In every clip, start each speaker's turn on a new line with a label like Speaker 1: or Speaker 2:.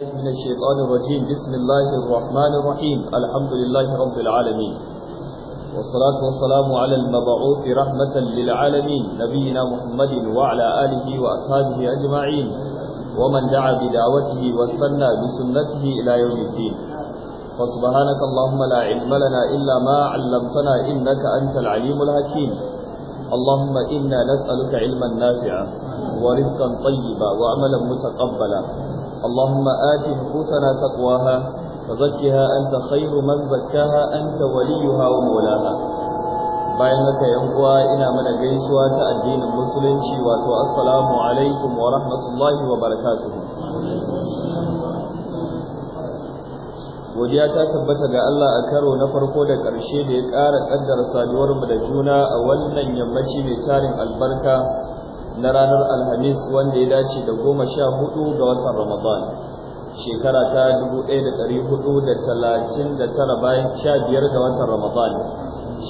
Speaker 1: من الشيطان الرجيم بسم الله الرحمن الرحيم الحمد لله رب العالمين والصلاة والسلام على المبعوث رحمة للعالمين نبينا محمد وعلى آله وأصحابه أجمعين ومن دعا بدعوته واستنى بسنته إلى يوم الدين فسبحانك اللهم لا علم لنا إلا ما علمتنا إنك أنت العليم الحكيم اللهم إنا نسألك علما نافعا ورزقا طيبا وعملا متقبلا اللهم آت نفوسنا تقواها وزكها أنت خير من زكاها أنت وليها ومولاها bayan haka yan uwa ina mana gaisuwa ta addinin musulunci wato assalamu alaikum wa rahmatullahi wa barakatuh godiya ta tabbata ga Allah a karo na farko da ƙarshe da ya ƙara ƙaddara saduwar mu da juna a wannan yammaci mai tarin albarka na ranar alhamis wanda ya dace da goma sha hudu ga watan ramadan shekara ta dubu ɗaya da ɗari hudu da talatin da tara bayan sha biyar ga watan ramadan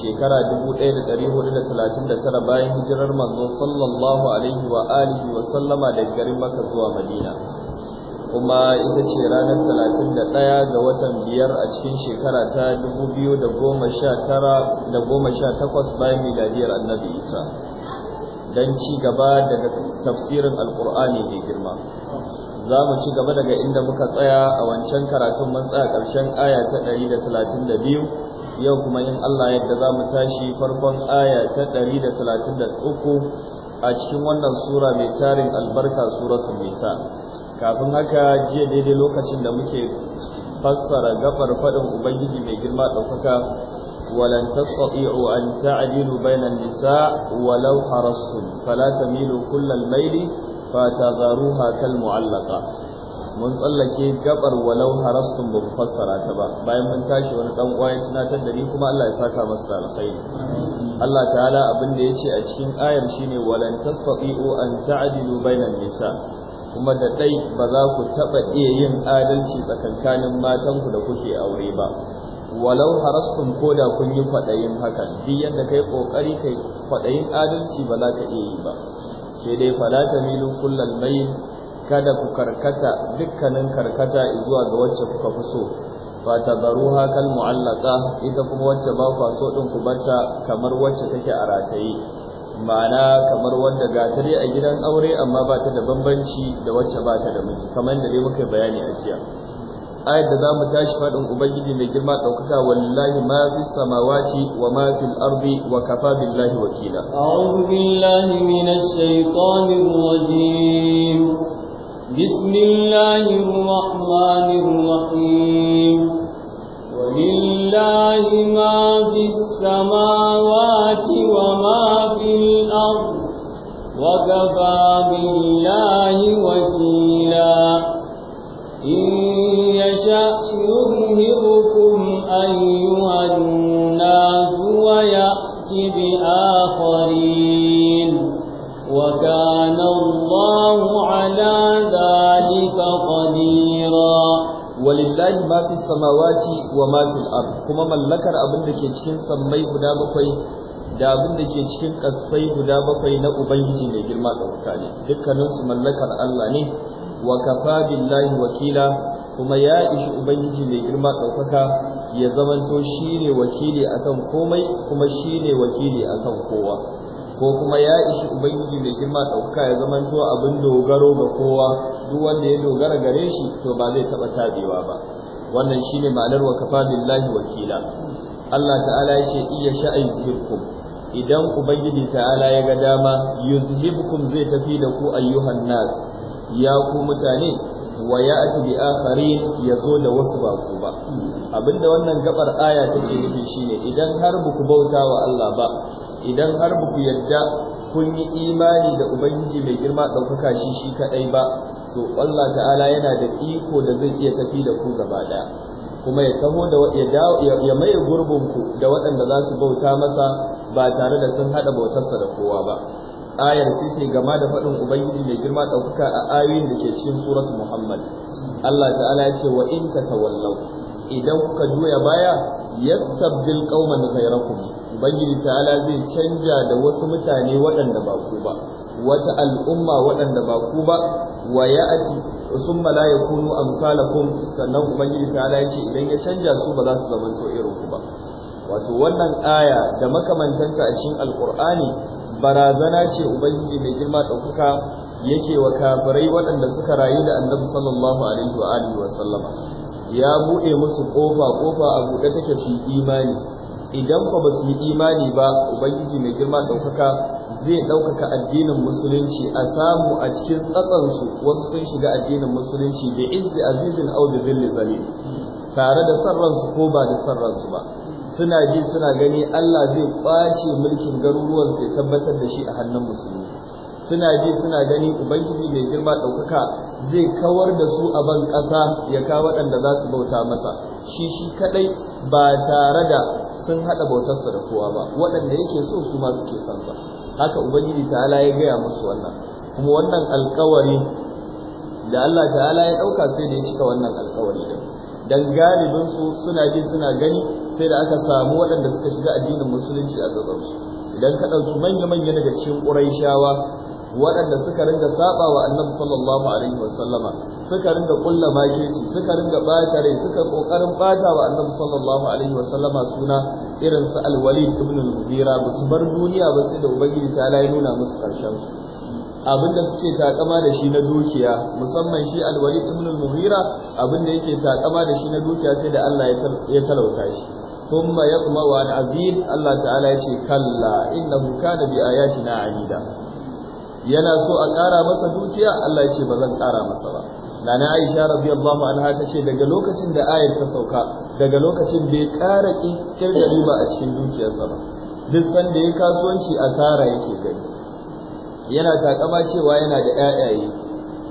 Speaker 1: shekara dubu ɗaya da ɗari hudu da talatin da tara bayan hijirar manzo sallallahu alaihi wa alihi wa sallama daga garin maka zuwa madina kuma ita ce ranar talatin da ɗaya ga watan biyar a cikin shekara ta dubu biyu da goma sha tara da goma sha takwas bayan miladiyar annabi isa don ci gaba daga tafsirin alkur'ani mai girma za mu ci gaba daga inda muka tsaya a wancan karatun mun tsaya ƙarshen aya ta 132 yau kuma in Allah yadda za mu tashi farkon aya ta 133 a cikin wannan sura mai tarin albarka suratul nisa kafin haka jiya daidai lokacin da muke
Speaker 2: fassara gafar faɗin ubangiji mai girma
Speaker 1: ɗaukaka ولن تستطيعوا أن تعدلوا بين النساء ولو حرصتم فلا تميلوا كل الميل فتذروها كالمعلقة mun tsallake gabar walau harastun ba fassara ta ba bayan mun tashi wani dan uwa ya tunatar da ni kuma Allah ya saka masa alkhairi Allah ta'ala abin da yace a cikin ayar shine walan tastati'u an ta'dilu bainan nisa kuma da dai ba za ku taba iya yin adalci tsakankanin matan ku da kuke aure ba walau harastun ko da kun yi kwaɗayin hakan biyan yadda kai ƙoƙari kai kwaɗayin adalci ba za ka iya yi ba sai dai fala ta milu kullal mai kada ku karkata dukkanin karkata zuwa ga wacce kuka fi so Ba ta tadharuha hakan mu'allaka ita kuma wacce ba kwa so ɗin ku bata kamar wacce take a rataye ma'ana kamar wanda gatari a gidan aure amma ba ta da bambanci da wacce ba ta da miji kamar da dai muka bayani a jiya ayat da zamu tashi fadin ubangiji mai girma daukaka wallahi ma fi samawati wa ma fil ardi wa kafa billahi wakila a'udhu billahi minash
Speaker 2: shaitani rrajim bismillahir rahmanir rahim ولله samawati wa ma fil ardi wa kafa billahi wakila إن يشأ يذهبكم أيها الناس
Speaker 1: walillahi ma fi samawati wa ma fil ard kuma mallakar abin da ke cikin samai guda bakwai da abin da ke cikin kasai guda bakwai na ubangiji mai girma ne dukkanin mallakar Allah ne wa kafa billahi wakila kuma ya ishi ubangiji mai girma ɗaukaka ya zamanto shine wakili akan komai kuma shine wakili akan kowa ko kuma ya ishi ubangiji mai girma ɗaukaka ya zamanto abin dogaro ga kowa duk wanda ya dogara gare shi to ba zai taɓa tabewa ba wannan shine ma'anar wa kafa billahi wakila Allah ta'ala ya ce iya sha'ai zikirkum idan ubangiji ta'ala ya ga dama yuzhibkum zai tafi da ku ayyuhan nas ya ku mutane wa ya ati bi akharin ya zo da wasu ba ku ba abinda wannan gabar aya take nufi shine idan har buku bauta wa Allah ba idan har buku yadda kun yi imani da ubangiji mai girma daukaka shi shi kadai ba to Allah ta'ala yana da iko da zai iya tafi da ku gaba daya kuma ya taho da ya maye gurbin ku da waɗanda za su bauta masa ba tare da sun hada bautarsa da kowa ba ayar sai ke gama da faɗin ubangiji mai girma ɗaukaka a ayoyin da ke cikin suratu muhammad Allah ta'ala ya ce wa in ka tawallau idan kuka juya baya yastabdil qauman ghayrakum ubangiji ta'ala zai canja da wasu mutane waɗanda ba ku ba wata al'umma waɗanda ba ku ba wa ya'ati summa la yakunu amsalakum sannan ubangiji ta'ala ya ce idan ya canja su ba za su zama to irin ku ba wato wannan aya da makamantanta a cikin alqur'ani barazana ce ubangiji mai girma ɗaukaka yake wa kafirai waɗanda suka rayu da annabi sallallahu alaihi wa alihi wa sallama ya buɗe musu ƙofa ƙofa a buɗe take su imani idan fa ba su yi imani ba ubangiji mai girma ɗaukaka zai ɗaukaka addinin musulunci a samu a cikin tsatsansu wasu sun shiga addinin musulunci da izzi azizin au da tare da sarransu ko ba da sarransu ba suna ji suna gani Allah zai kwace mulkin garuruwan sai tabbatar da shi a hannun musulmi suna ji suna gani ubangiji mai girma ɗaukaka zai kawar da su a ban ƙasa ya kawo waɗanda za su bauta masa shi shi kaɗai ba tare da sun haɗa bautarsa da kowa ba waɗanda yake so su ma suke son sa haka ubangiji ta'ala ya gaya musu wannan kuma wannan alƙawari da Allah ta'ala ya ɗauka sai da ya cika wannan alƙawari. din dan galibin su suna ji suna gani sai da aka samu waɗanda suka shiga addinin musulunci a gaban su idan ka dauki manya manyan daga cikin quraishawa waɗanda suka ringa saba wa annabi sallallahu alaihi wasallama suka ringa kulla makeci suka ringa bata rai suka kokarin bata wa annabi sallallahu alaihi wasallama suna irin su alwalid ibn al-mughira ba bar duniya ba sai da ubangiji ta nuna musu karshen su abinda suke takama da shi na dukiya musamman shi alwali ibn al-mughira abinda yake takama da shi na dukiya sai da Allah ya talauta shi thumma yaqma wa azim Allah ta'ala ya ce kalla innahu kana bi ayatina alida yana so a kara masa dukiya Allah ya ce ba zan kara masa ba Nana Aisha radiyallahu anha ta ce daga lokacin da ayar ta sauka daga lokacin bai ƙara kirkir ba a cikin dukiyarsa ba duk sanda ya kasuwanci a asara yake gani yana takama cewa yana da ƴaƴaye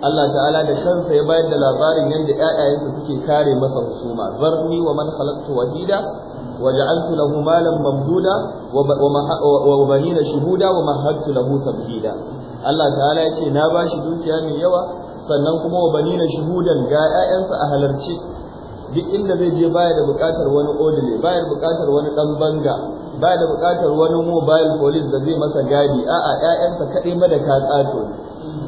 Speaker 1: Allah ta'ala da kansa ya bayar da labarin yadda ƴaƴayensa suke kare masa husuma zarni wa man khalaqtu wahida وجعلت wa مالا ممدودا وبنين شهودا ومهدت له تمهيدا Allah ta'ala ya ce na bashi dukiya mai yawa sannan kuma wa banina shuhudan ga 'ya'yansa a halarci duk inda zai je baya da buƙatar wani odile baya da buƙatar wani ɗan banga baya da buƙatar wani mobile police da zai masa gadi a'a ƴaƴansa kaɗai da ka tsato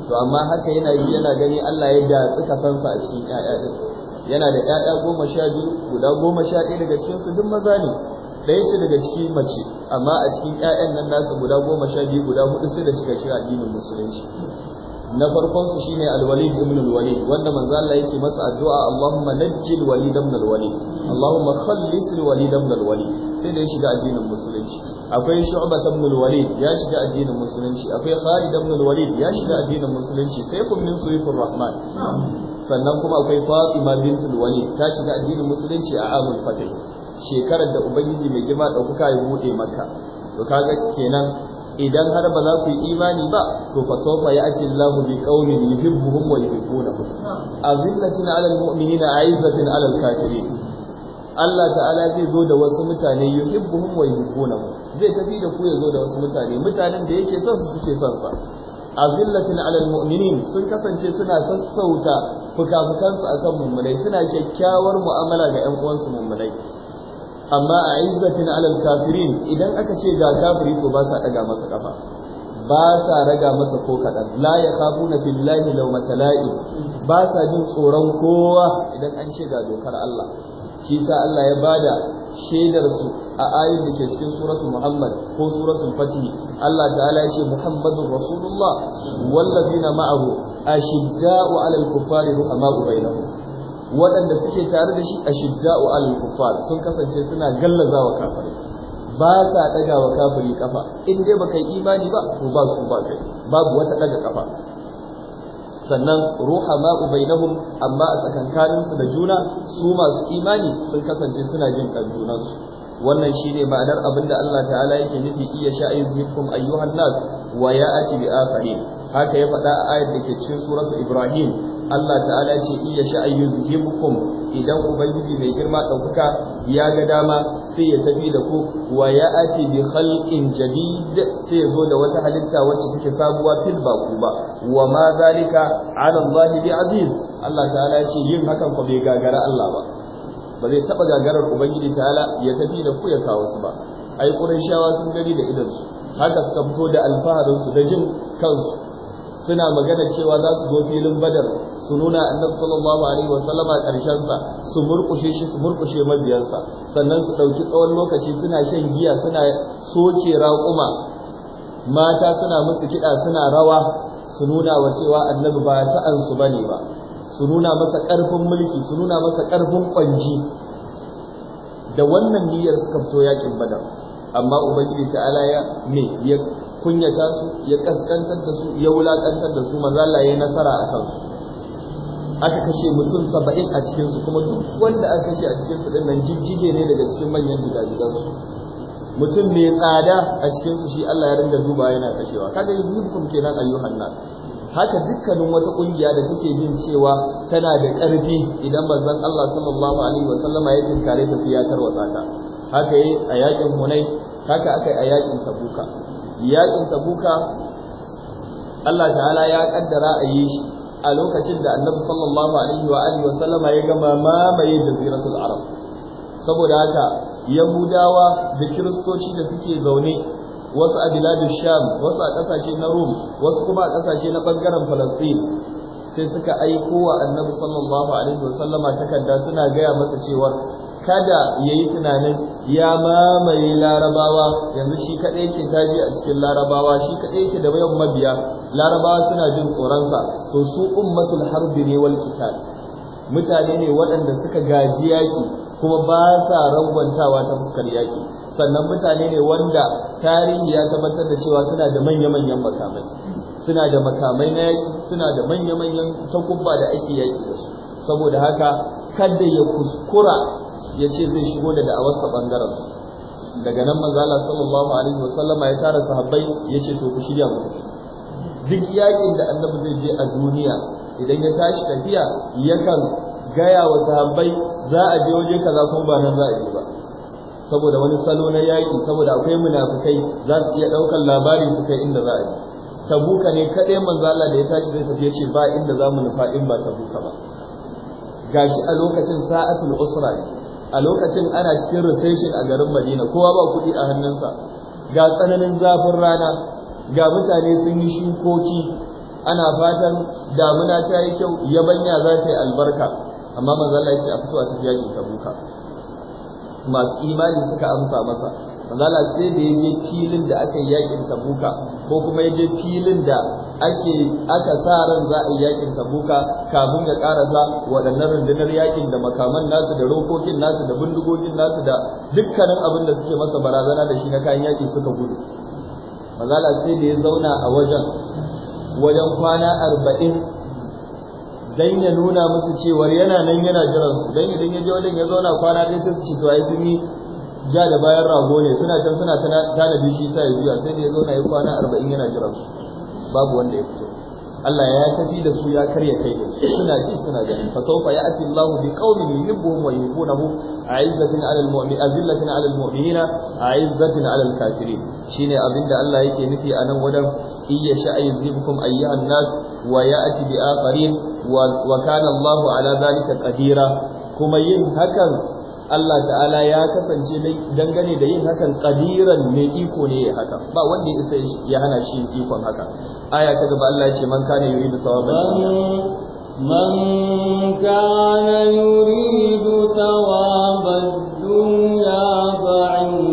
Speaker 1: to amma haka yana yi yana gani Allah ya da tsika sansa a cikin ƴaƴa yana da ƴaƴa goma sha biyu guda goma sha ɗaya daga cikin su duk maza ne ɗaya ce daga cikin mace amma a cikin ƴaƴan nan nasu guda goma sha biyu guda huɗu sai da suka kira addinin musulunci na farkon su shine al ibn alwalid wanda manzo Allah yake masa addu'a Allahumma najjil al-walid ibn al Allahumma khallis al-walid ibn sai da ya shiga addinin musulunci akwai shu'bah ibn alwalid ya shiga addinin musulunci akwai khalid ibn alwalid ya shiga addinin musulunci sai kun min suyfur rahman sannan kuma akwai fatima bint alwalid ta shiga addinin musulunci a amul fatih shekarar da ubangiji mai girma dauka ya bude maka to kaga kenan idan har ba za ku yi imani ba to fa sawfa ya'ti Allahu bi qaumin yuhibbuhum wa yuhibbunahu azillatin 'alal mu'minina 'izzatin 'alal kafirin Allah ta'ala zai zo da wasu mutane yuhibbuhum wa yuhibbunahu zai tafi da ku ya zo da wasu mutane mutanen da yake son su suke son sa azillatin 'alal mu'minin sun kasance suna sassauta fukafukansu akan mummunai suna kyakkyawar mu'amala ga 'yan uwansu mummunai amma a izzatin alal kafirin idan aka ce ga kafiri to ba sa daga masa kafa ba sa raga masa ko kadan la na billahi law matala'i ba sa jin tsoron kowa idan an ce ga dokar Allah shi sa Allah ya bada shaidar su a ayin da ke cikin suratul Muhammad ko suratul Fatih Allah ta'ala ya ce Muhammadur Rasulullah wallazina ma'ahu ashidda'u 'alal kuffari bai bainahum waɗanda suke tare da shi a shidda'u al kufar sun kasance suna gallazawa kafari, ba sa daga wa kafiri kafa in dai baka yi imani ba to ba su ba kai babu wata ɗaga kafa sannan ruha ma ubainahum amma a tsakankaninsu da juna su masu imani sun kasance suna jin kan junansu wannan shine ma'anar abinda Allah ta'ala yake nufi iya sha'izkum ayyuhan nas wa ya'ati bi akharin haka ya faɗa a ayat da ke cikin suratu Ibrahim Allah ta'ala ce iya sha'izkum idan ubangiji mai girma ɗaukaka ya ga dama sai ya tafi da ku wa ya'ati bi khalqin jadid sai ya zo da wata halitta wacce take sabuwa fil ba ku ba wa ma zalika ala Allah bi aziz Allah ta'ala ce yin hakan ko bai gagara Allah ba ba zai taba gagarar ubangiji ta'ala ya tafi da ku ya kawo su ba ai shawa sun gani da idan su haka suka fito da alfaharin su da jin kansu suna magana cewa za su zo filin badar su nuna annabi sallallahu alaihi wa sallama karshen sa su murkushe shi su murkushe mabiyansa sannan su ɗauki tsawon lokaci suna shan giya suna soke raƙuma mata suna musu kiɗa suna rawa su nuna wa cewa annabi ba sa'an su bane ba su nuna masa ƙarfin mulki su nuna masa ƙarfin ƙwanji. da wannan niyyar suka fito yakin badar amma ubangiji ta alaya ne ya kunyata su ya ƙasƙantar da su ya wulaƙantar da su maza Allah ya nasara a kansu aka kashe mutum saba'in a cikinsu kuma duk wanda aka kashe a cikinsu ɗin nan jijjige ne daga cikin manyan su. mutum mai tsada a cikinsu shi Allah ya rinda duba yana kashewa kaga yuzukum kenan ayyuhan nas haka dukkanin wata kungiya da take jin cewa tana da ƙarfi idan manzon Allah sallallahu alaihi wasallama ya tinkare ta sai ya tarwatsa ta haka yi a yakin hunai, haka aka yi a yakin Tabuka yakin Tabuka Allah ta'ala ya kaddara a yi shi a lokacin da Annabi sallallahu alaihi wa alihi wasallama ya gama mamaye jaziratul Arab saboda haka Yahudawa da Kiristoci da suke zaune wasu a biladun sham wasu a ƙasashe na rum wasu kuma a ƙasashe na ɓangaren falastin sai suka aiko wa annabi sallallahu alaihi Sallama takarda suna gaya masa cewa kada ya yi tunanin ya mamaye larabawa yanzu shi kaɗai yake taji a cikin larabawa shi kaɗai yake da bayan mabiya larabawa suna jin tsoronsa to su ummatul harbi ne wal kitab mutane ne waɗanda suka gaji yaki kuma ba sa rangwantawa ta fuskar yaki sannan mutane ne wanda tarihi ya tabbatar da cewa suna da manya-manyan makamai suna da makamai na yaƙi suna da manya-manyan takubba da ake yaƙi da su saboda haka kada ya kuskura ya ce zai shigo da da'awarsa bangaren daga nan manzo Allah sallallahu alaihi wasallama ya tara sahabbai ya ce to ku shirya mu duk yaƙin da annabi zai je a duniya idan ya tashi tafiya yakan gaya wa sahabbai za a je waje kaza kuma ba nan za a je ba saboda wani salo na yaƙi saboda akwai munafukai za su iya ɗaukar labari su kai inda za a yi tabuka ne kaɗai manzo Allah da ya tashi zai tafi ce ba inda za mu nufa in ba tabuka ba gashi a lokacin sa'atul usra a lokacin ana cikin recession a garin Madina kowa ba kuɗi a hannunsa ga tsananin zafin rana ga mutane sun yi shukoki ana fatan damuna ta yi kyau yabanya za ta yi albarka amma manzo Allah ya ce a fito a tafi yaƙin tabuka masu imani suka amsa masa manzala sai da yaje filin da aka yi yakin tabuka ko kuma yaje filin da ake aka sa ran za a yi yakin tabuka kafin ya karasa waɗannan rundunar yakin da makaman nasu da rokokin nasu da bindigogin nasu da dukkanin abin da suke masa barazana da shi na kayan yaki suka gudu manzala sai da ya zauna a wajen wajen kwana arba'in dan ya nuna musu cewar yana nan yana jiran su dan idan ya je wajen ya zauna kwana ɗaya sai su ce to ai sun yi ja da bayan rago ne suna can suna tanadi shi sa ya juya sai da ya zauna ya kwana arba'in yana jiran su babu wanda ya fito Allah ya tafi da su ya karya kai da su suna ji suna gani fa sawfa ya'ti Allahu bi qaumin yuhibbuhum wa yuhibbunahu a'izzatin 'alal mu'minin azillatin 'alal mu'minina a'izzatin 'alal kafirin shine abinda Allah yake nufi a nan wajen iyya sha'izibkum ayyuhan nas wa ya'ti bi akharin wa kana Allahu ala zalika qadira kuma yin hakan Allah ta'ala ya kasance dangane da yin hakan qadiran mai iko ne ya haka ba wanda ya isa ya hana shi ikon haka aya ta gaba Allah ya ce man kana yuridu sawaban
Speaker 2: من كان يريد ثواب الدنيا فعند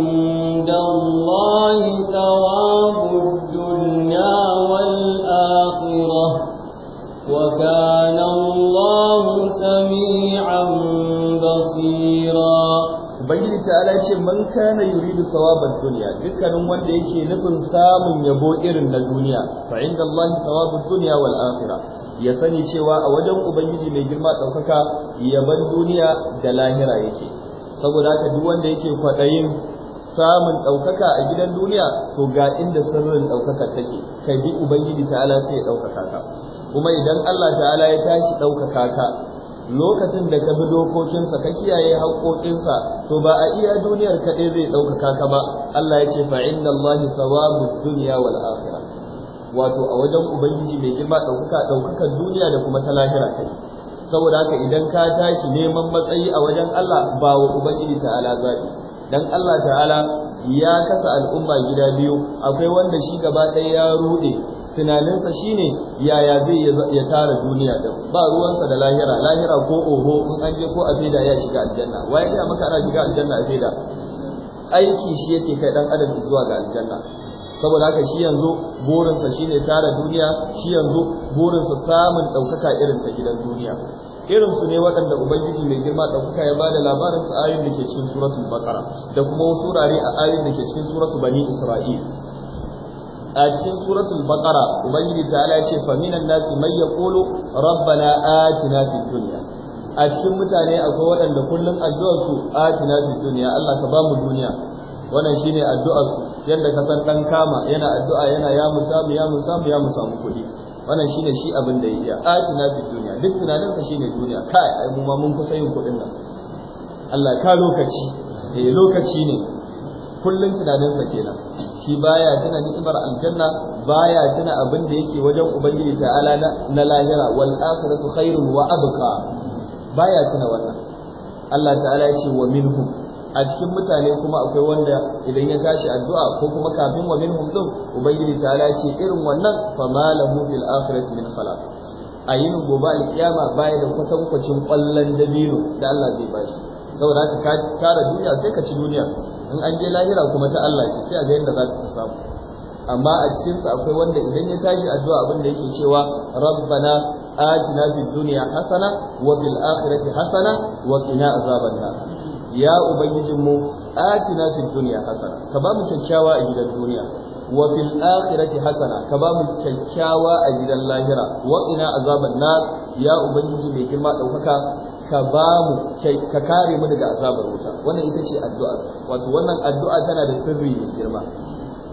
Speaker 1: ta'ala ya ce man kana yuridu thawabad dunya dukkanin wanda yake nufin samun yabo irin na duniya fa inda Allah thawabud dunya wal akhirah ya sani cewa a wajen ubangiji mai girma daukaka yaban duniya da lahira yake saboda haka duk wanda yake kwadayin samun ɗaukaka a gidan duniya to ga inda sirrin ɗaukaka take kai bi ubangiji ta'ala sai ya ɗaukaka ka kuma idan Allah ta'ala ya tashi ɗaukaka ka lokacin da ka bi dokokinsa ka kiyaye haƙoƙinsa to ba a iya duniyar kaɗai zai ɗaukaka ka ba Allah ya ce fa inna Allahi thawabu dunya wal akhirah wato a wajen ubangiji mai girma ɗaukaka ɗaukakar duniya da kuma ta lahira kai saboda haka idan ka tashi neman matsayi a wajen Allah ba wa ubangiji ta'ala zaɓi. dan Allah ta'ala ya kasa al'umma gida biyu akwai wanda shi gaba ɗaya ya ruɗe tunaninsa shine yaya zai ya tara duniya din ba ruwansa da lahira lahira ko oho in an je ko a ya shiga aljanna waye ya maka ana shiga aljanna a aiki shi yake kai dan adam zuwa ga aljanna saboda haka shi yanzu burinsa shine tara duniya shi yanzu burinsa samun ɗaukaka irin ta gidan duniya irin su ne waɗanda ubangiji mai girma ɗaukaka ya bada labarin su ayin da ke cikin suratul baqara da kuma wasu wurare a ayin da ke cikin suratul bani isra'il a cikin suratul baqara ubangiji ta'ala ya ce fa minan nasi may yaqulu rabbana atina fid dunya a cikin mutane akwai waɗanda kullum addu'ar su atina fid dunya Allah ka ba mu duniya wannan shine addu'ar su yanda ka san dan kama yana addu'a yana ya musamu ya musamu ya musamu kuɗi wannan shine shi abin da yake atina fid dunya duk tunaninsa shine duniya kai ai mu ma mun kusa yin kuɗin nan Allah ka lokaci eh lokaci ne kullum tunaninsa kenan shi baya tuna ni'imar aljanna baya tuna abin da yake wajen ubangiji ta'ala na lahira wal akhiratu khairun wa abqa baya tuna wannan Allah ta'ala ya ce wa minhum a cikin mutane kuma akwai wanda idan ya tashi addu'a ko kuma kafin wa minhum din ubangiji ta'ala ya ce irin wannan fa malahu fil akhirati min khalaq ayin gobe alkiyama baya da kwatankwacin kwallon dabino da Allah zai bashi saboda haka ka tara duniya sai ka ci duniya in an je lahira kuma ta Allah ce sai a ga yadda za ka samu amma a cikin sa akwai wanda idan ya tashi addu'a abin da yake cewa rabbana atina fid dunya hasana wa fil akhirati hasana wa qina azaban nar ya mu atina fid dunya hasana ka ba mu kyakkyawa a gidan duniya wa fil akhirati hasana ka ba mu kyakkyawa a gidan lahira wa qina azaban nar ya ubangiji mai girma daukaka ka ba mu ka kare mu daga azabar wuta wannan ita ce addu'a wato wannan addu'a tana da sirri mai girma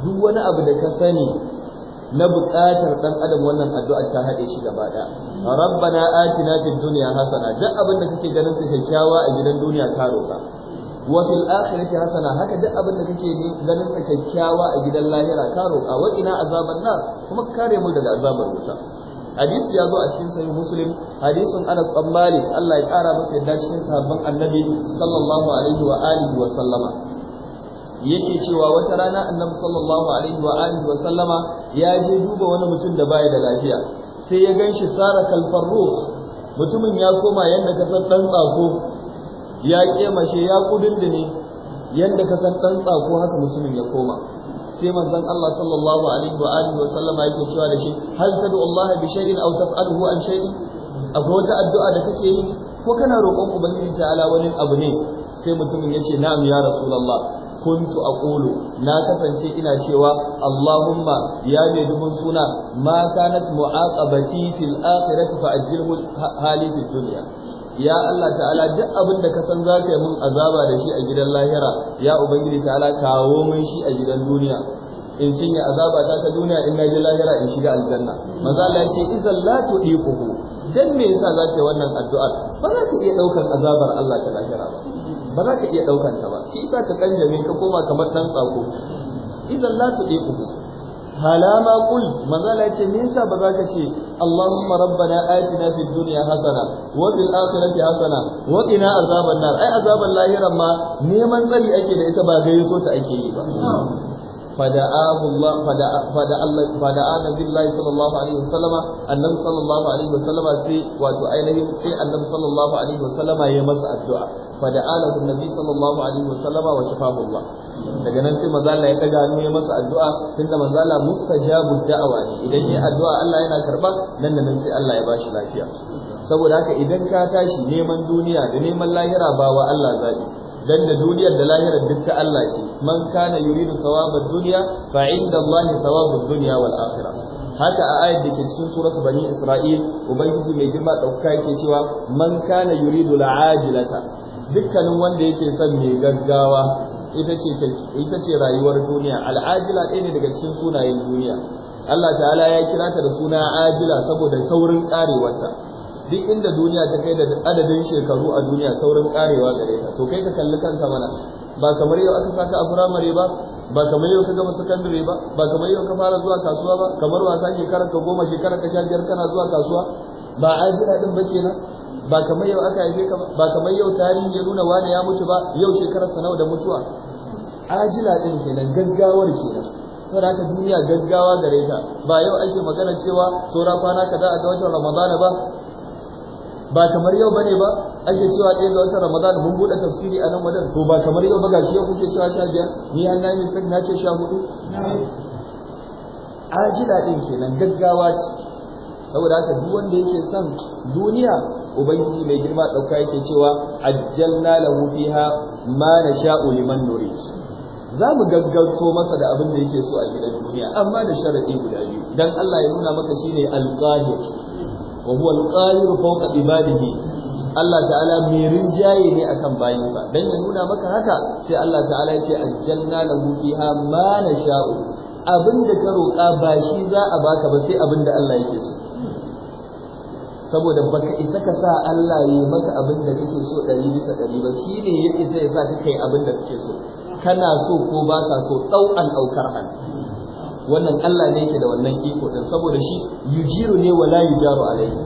Speaker 1: duk wani abu da ka sani na buƙatar ɗan adam wannan addu'a ta haɗe shi gaba ɗaya rabbana atina fid dunya hasana duk abin da kake ganin su kyakkyawa a gidan duniya ta roka wa fil akhirati hasana haka duk abin da kake ganin sa kyakkyawa a gidan lahira ka roka wa ina azaban nar kuma kare mu daga azabar wuta hadisi ya zo a cikin sahih muslim hadisin Anas bin Malik Allah ya kara masa yadda cikin sahabban Annabi sallallahu alaihi wa alihi wa sallama yake cewa wata rana Annabi sallallahu alaihi wa alihi wa sallama ya je duba wani mutum da baya da lafiya sai ya ganshi sara kalfarru mutumin ya koma yanda ka san dan tsako ya kemashe ya kudin da ne yanda ka san dan tsako haka mutumin ya koma sai manzon Allah sallallahu alaihi wa sallama yake cewa da shi hal tadu Allah bi shay'in aw tas'aluhu an shay'in akwai wata addu'a da kake yi ko kana roƙon ubangiji ta'ala wani abu ne sai mutumin ya ce na'am ya rasulullah kuntu aqulu na kasance ina cewa allahumma ya mai dubun suna ma kanat mu'aqabati fil akhirati fa'ajjilhu hali fid dunya ya Allah ta'ala duk abin da ka san za ka yi mun azaba da shi a gidan lahira ya ubangiji ta'ala kawo mun shi a gidan duniya in cinye azaba ta ta duniya in na ji lahira in shiga aljanna Maza Allah ya ce idan la tudiquhu dan me yasa za ka yi wannan addu'ar ba za ka iya daukar azabar Allah ta lahira ba za ka iya daukar ta ba shi yasa ka kanjame ka koma kamar dan tsako idan la tudiquhu hala ma qult manzala ce me yasa ba za ka ce Allahumma rabbana atina fid dunya hasana wa fil akhirati hasana wa qina azaban nar ai azaban lahiran ma neman tsari ake da ita ba gayyato ta ake yi ba فدعاه الله فدعا فدعا فدعا النبي الله صلى الله عليه وسلم النبي صلى الله عليه وسلم سي واتو اينهين سي النبي صلى الله عليه وسلم يا مسا الدعاء فدعا له النبي صلى الله عليه وسلم وشفاه الله daga nan sai manzo Allah ya a hannu ya masa addu'a tunda manzo Allah mustajabu da'awa ne idan ya addu'a Allah yana karba nan da nan sai Allah ya bashi lafiya saboda haka idan ka tashi neman duniya da neman lahira ba wa Allah zaɓi. dan da duniyar da lahirar duk ta Allah ce man kana yuridu thawabad dunya fa inda Allah thawabud dunya wal akhirah haka a ayat dake cikin suratu bani isra'il ubangiji mai girma dauka yake cewa man kana yuridu la'ajilata dukkanin wanda yake son mai gaggawa ita ce ita ce rayuwar duniya al'ajila ɗaya ne daga cikin sunayen duniya Allah ta'ala ya kira ta da suna ajila saboda saurin karewarta duk inda duniya ta kai da adadin shekaru a duniya saurin karewa gare ta to kai ka kalli kanka mana ba kamar yau aka saka a firamare ba ba kamar yau ka gama sakandare ba ba kamar yau ka fara zuwa kasuwa ba kamar wasa shekarar ka goma shekarar ka sha biyar kana zuwa kasuwa ba a jira din ba kenan ba kamar yau aka haife ka ba kamar yau tarihi ya nuna wani ya mutu ba yau shekarar sanau nawa da mutuwa ajila din kenan gaggawar kenan saboda haka duniya gaggawa gare ta ba yau ake magana cewa saura kwana kaza a ga watan ramadana ba ba kamar yau bane ba ake cewa ɗaya ga watan Ramadan mun buɗe tafsiri a nan wajen to ba kamar yau ba gashi yau kuke cewa sha biyar ni an nayi sai na ce sha hudu ajila din kenan gaggawa ce saboda haka duk wanda yake son duniya ubangiji mai girma ɗauka yake cewa ajjalna lahu fiha ma nasha'u liman nurid za mu gaggauto masa da abin da yake so a gidan duniya amma da sharadi guda biyu dan Allah ya nuna maka shine alqahir wa huwa al Allah ta'ala mai rinjaye ne akan bayinsa dan ya nuna maka haka sai Allah ta'ala ya ce ajjalna lahu fiha ma nasha'u abinda ka roƙa ba shi za a baka ba sai abinda Allah yake so saboda baka isa ka sa Allah yi maka abinda kake so ɗari bisa ɗari ba shi ne ya isa ya sa ka kai abinda kake so kana so ko baka so ɗau'an aukar hannu wannan Allah ne yake da wannan iko din saboda shi yujiru ne wala yujaru alayhi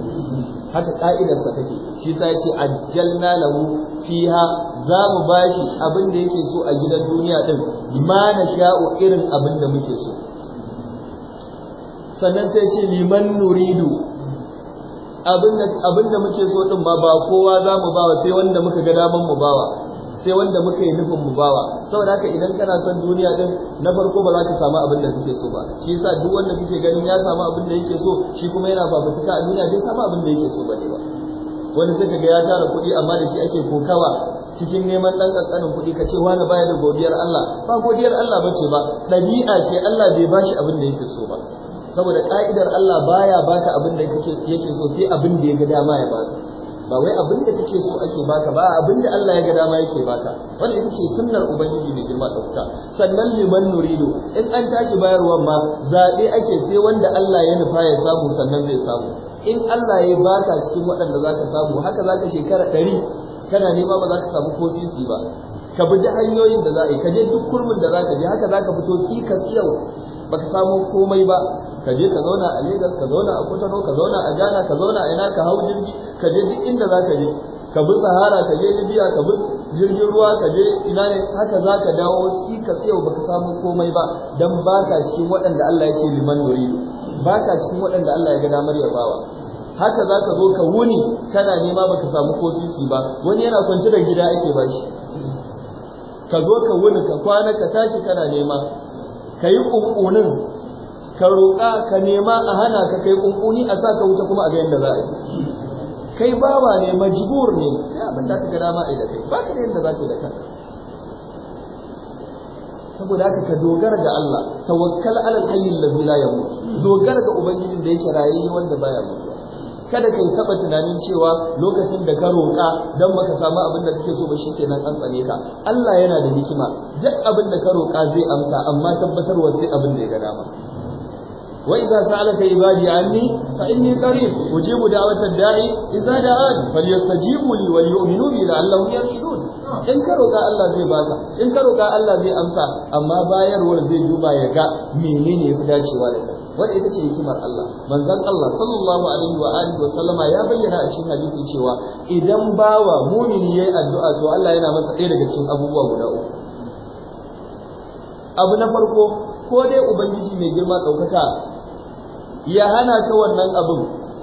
Speaker 1: haka ka'idar sa take shi sa yace ajjalna lahu fiha za mu bashi abin da yake so a gidan duniya din ma na sha'u irin abin da muke so sannan sai ce liman nuridu abin da muke so din ba ba kowa za mu bawa sai wanda muka ga daman mu bawa sai wanda muka yi nufin mu bawa saboda haka idan kana son duniya din na farko ba za ka samu abin da kake so ba shi yasa duk wanda kake ganin ya samu abin da yake so shi kuma yana fita a duniya bai samu abin da yake so ba ne ba wani sai kaga ya tara kuɗi amma da shi ake kokawa cikin neman ɗan kankanin kuɗi ka ce wani baya da godiyar Allah ba godiyar Allah ba ce ba ɗabi'a ce Allah bai bashi abin da yake so ba saboda ka'idar Allah baya baka abin da yake so sai abin da ya ga dama ya baka ba wai abin da kake so ake baka ba abin da Allah ya ga dama yake baka wannan ita ce sunnar ubangiji mai girma ɗauka sannan liman Nurido. in an tashi bayarwa ma zaɓe ake sai wanda Allah ya nufa ya samu sannan zai samu in Allah ya baka cikin waɗanda zaka samu haka zaka shekara ɗari kana nema ba za ka samu ko sisi ba ka bi da hanyoyin da za a yi ka je duk kurmin da za ka je haka za ka fito tsikas yau. baka samu komai ba ka je ka zauna a Legas, ka zauna a Kutano, ka zauna a Ghana ka zauna a ina ka hau jirgi ka je duk inda zaka je ka bi Sahara ka je Libya ka bi jirgin ruwa ka je ina ne haka zaka dawo shi ka tsayo baka samu komai ba dan baka cikin waɗanda Allah ya ce liman yuridu baka cikin waɗanda Allah ya ga damar ya bawa haka zaka zo ka wuni kana nema baka samu ko sisi ba wani yana kwance da gida ake ba shi. ka zo ka wuni ka kwana ka tashi kana nema ka yi ƙunƙunin ka roƙa ka nema a hana ka kai ƙunƙuni a sa ka wuta kuma a ga yadda za a yi kai bawa ne majbur ne sai abin da ka ga dama a yi da kai ba ka da yadda za ka yi da kanka saboda haka ka dogara ga Allah tawakkal ala al-hayy alladhi la yamut dogara ga ubangijin da yake raye wanda baya mutuwa kada ka taba tunanin cewa lokacin da ka roƙa dan baka samu abin da kake so ba shikenan an tsane ka Allah yana da hikima duk abin da ka roƙa zai amsa amma tabbatarwa sai abin da ya ga dama وإذا سألك عبادي عني فإني قريب أجيب da'i idza da'an falyastajibu li wa yu'minu bi la'allahum yarshudun in ka roƙa Allah zai baka in ka roƙa Allah zai amsa amma bayarwar zai duba ya ga menene ya fi dacewa da kai wanda ita ce hikimar Allah manzon Allah sallallahu alaihi wa alihi wa sallama ya bayyana a cikin hadisi cewa idan bawa mumini yayi addu'a to Allah yana masa ɗaya daga cikin abubuwa guda uku abu na farko ko dai ubangiji mai girma ɗaukaka ya hana ka wannan abun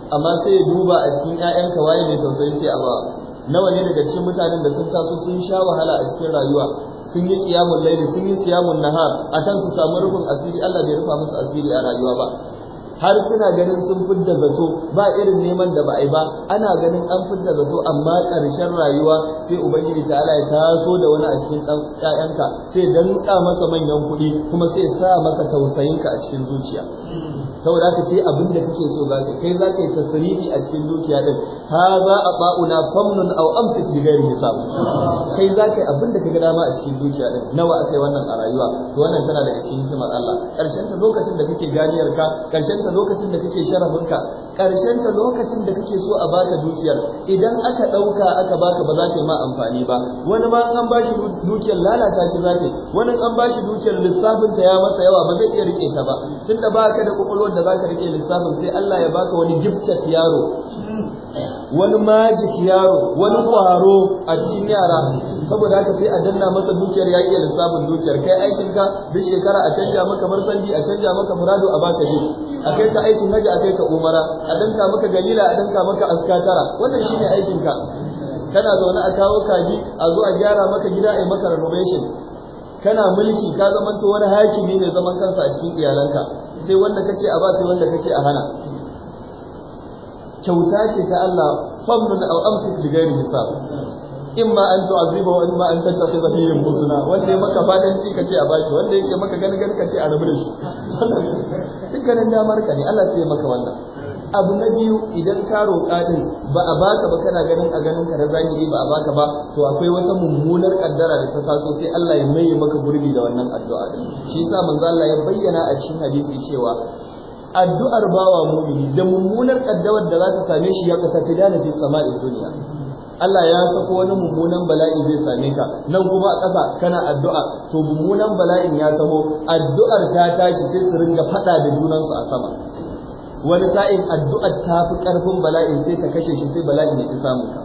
Speaker 1: amma sai ya duba a cikin ƴaƴanka waye ne tausayin sai a ba nawa ne daga cikin mutanen da sun taso sun sha wahala a cikin rayuwa sun yi qiyamul layli sun yi siyamul nahar akan su samu rufin asiri Allah bai rufa musu asiri a rayuwa ba har suna ganin sun fidda zato ba irin neman da ba a yi ba ana ganin an fidda zato amma ƙarshen rayuwa sai ubangiji ta ala ya taso da wani a cikin ƴaƴanka sai danka masa manyan kuɗi kuma sai sa masa tausayinka a cikin zuciya saboda haka sai abin da kake so ba ka kai za ka yi tasrifi a cikin zuciya din ha za a ba'una famnun aw amsik bi ghairi hisab kai za ka yi abin da kake dama a cikin zuciya din nawa akai wannan a rayuwa to wannan tana daga cikin kimar Allah karshen ta lokacin da kake ganiyar ka karshen ta lokacin da kake sharafinka ƙarshen ta lokacin da kake so a baka dukiyar idan aka ɗauka aka baka ba za ta yi ma amfani ba wani ma an ba dukiyar lalata shi za wani an bashi dukiyar lissafin ta ya masa yawa ba zai iya rike ta ba tunda baka da kwakwalwar da za ka rike lissafin sai Allah ya baka wani gifted yaro wani magic yaro wani kwaro a cikin yara saboda haka sai a danna masa dukiyar yaƙi da lissafin dukiyar kai aikin ka duk shekara a canja maka marsandi a canja maka murado a baka shi a kai ka aikin haji a kai ka umara a danka maka galila a danka maka askatara wannan shine aikin ka kana zaune a kawo kaji a zo a gyara maka gida a yi maka renovation kana mulki ka zamanto wani hakimi mai zaman kansa a cikin iyalanka sai wanda kace a ba sai wanda kace a hana kyauta ce ta Allah famnun aw amsik bi nisa. In ma an tu'aziba wa ma an tattakhidha fihim husna wanda ya maka badanci ka ce a bashi wanda yake maka gangan ka ce a rabu da shi dukkanin damar ka ne Allah sai maka wannan abu na biyu idan ka roƙa din ba a baka ba kana ganin a ganin ka na zahiri ba a baka ba to akwai wata mummunar kaddara da ta taso sai Allah ya maye maka gurbi da wannan addu'a din shi yasa manzo Allah ya bayyana a cikin hadisi cewa addu'ar bawa mu'mini da mummunar kaddawar da za ta same shi ya kasance da fi sama'in duniya Allah ya sako wani mummunan bala'i zai same ka nan kuma a ƙasa kana addu'a to mummunan bala'in ya samo addu'ar ta tashi sai su ringa faɗa da junansu a sama wani sa'in addu'ar ta fi ƙarfin bala'in sai ta kashe shi sai bala'in ya fi samun ka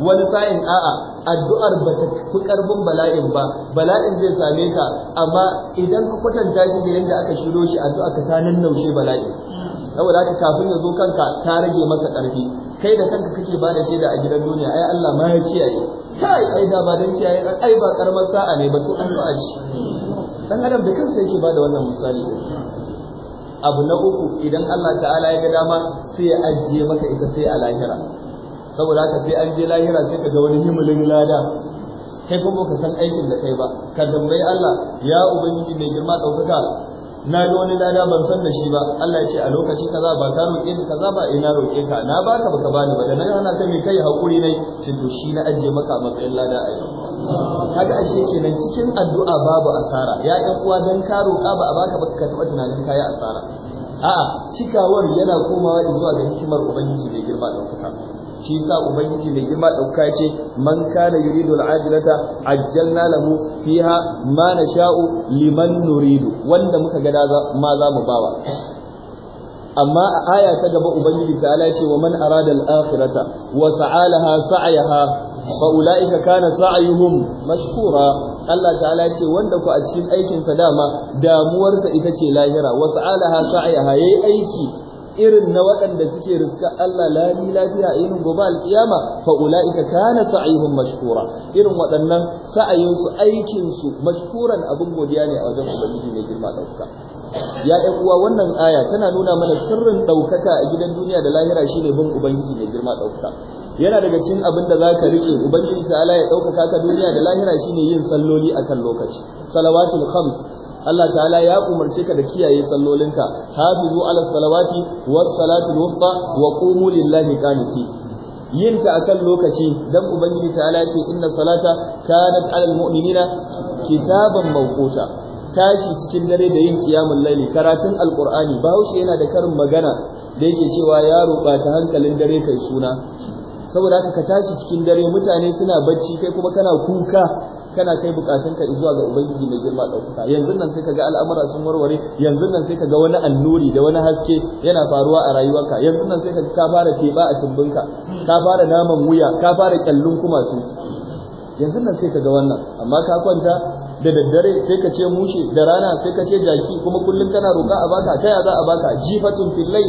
Speaker 1: wani sa'in a'a addu'ar ba ta fi karbin bala'in ba bala'in zai same ka amma idan ka kwatanta shi da yadda aka shiro shi addu'a ka ta nannaushe bala'in saboda haka kafin ya zo kanka ta rage masa karfi kai da kanka kake ba da shaida a gidan duniya ai Allah ma ya kiyaye kai ai da ba dan kiyaye ai ba karamar sa'a ne ba to addu'a dan adam da kansa yake ba da wannan misali abu na uku idan Allah ta'ala ya ga dama sai ya ajiye maka ita sai a lahira saboda haka sai an je lahira sai ka ga wani himilin lada kai kuma ka san aikin da kai ba ka tambayi Allah ya ubangiji mai girma daukaka na ga wani lada ban san da shi ba Allah ya ce a lokaci kaza ba ka roƙe ni kaza ba ina eh, roƙe ka na baka baka bani ba da nan ana ta mai kai hakuri ne ce to shi na ajiye maka matsayin lada a yau kaga ashe kenan cikin addu'a babu asara ya ɗan uwa dan ka roƙa ba a baka ba ka taɓa tunanin kayi asara a'a cikawar yana komawa zuwa ga hikimar ubangiji mai girma daukaka shi sa ubangiji mai girma dauka ce man kana yuridu al'ajilata ajjalna lahu fiha ma nasha'u liman nuridu wanda muka ga ma za mu bawa amma a aya ta gaba ubangiji ta ala ce wa man arada al wa sa'alaha sa'yaha fa ulaika kana sa'yuhum mashkura Allah ta'ala ce wanda ku a cikin aikinsa dama damuwarsa ita ce lahira wasu alaha sa'ayaha yayi aiki irin na waɗanda suke riska Allah lami lafiya a yinin gobe alkiyama fa ula'ika kana sa'ihum mashkura irin waɗannan sa'ayinsu aikin su mashkuran abin godiya ne a wajen ubangiji mai girma dauka ya ɗan uwa wannan aya tana nuna mana sirrin ɗaukaka a gidan duniya da lahira shine bin ubangiji mai girma ɗauka yana daga cikin abin da zaka rike ubangiji ta'ala ya ɗaukaka ka duniya da lahira shine yin salloli akan lokaci salawatul khams Allah ta'ala ya umarce ka da kiyaye sallolinka hafizu ala salawati was salati wusta wa qumu lillahi qanitin yin ta akan lokaci dan ubangiji ta'ala ce inna salata kanat ala almu'minina kitaban mawquta tashi cikin dare da yin kiyamul laili karatun alqur'ani bahaushe yana da karin magana da yake cewa yaro ba ta hankalin dare kai suna saboda haka ka tashi cikin dare mutane suna bacci kai kuma kana kuka kana kai bukatunka zuwa ga ubangiji mai girma ɗaukaka yanzu nan sai kaga al'amura sun warware yanzu nan sai kaga wani annuri da wani haske yana faruwa a rayuwarka yanzu nan sai kaga ka fara teba a tumbinka ka fara naman wuya ka fara kyallun kumatu yanzu nan sai kaga wannan amma ka kwanta da daddare sai ka ce mushe da rana sai ka ce jaki kuma kullum kana roƙa a baka ta ya za a baka jifatun fillai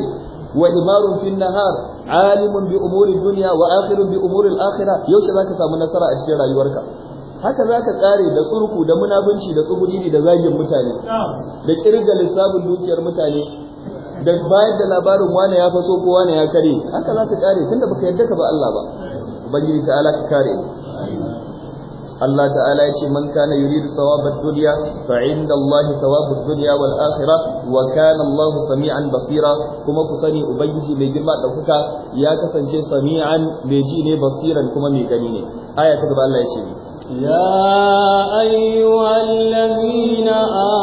Speaker 1: wa imarun fin nahar alimun bi umuri dunya wa akhirun bi umuri al-akhirah yaushe zaka samu nasara a cikin rayuwarka haka za ka tsare da tsurku da munafunci da tsuguri da zagin mutane da kirga lissafin dukiyar mutane da bayar da labarin wane ya faso ko wane ya kare haka za ka kare tunda baka yadda ka ba Allah ba ubangiji ta'ala ka kare Allah ta'ala ya ce man kana yuridu thawabad dunya fa inda Allah thawabud dunya wal akhirah wa kana Allah sami'an basira kuma ku sani ubangiji mai girma da kuka ya kasance sami'an mai ji ne basiran kuma mai gani ne aya ta gaba Allah ya ce يا
Speaker 2: أيها الذين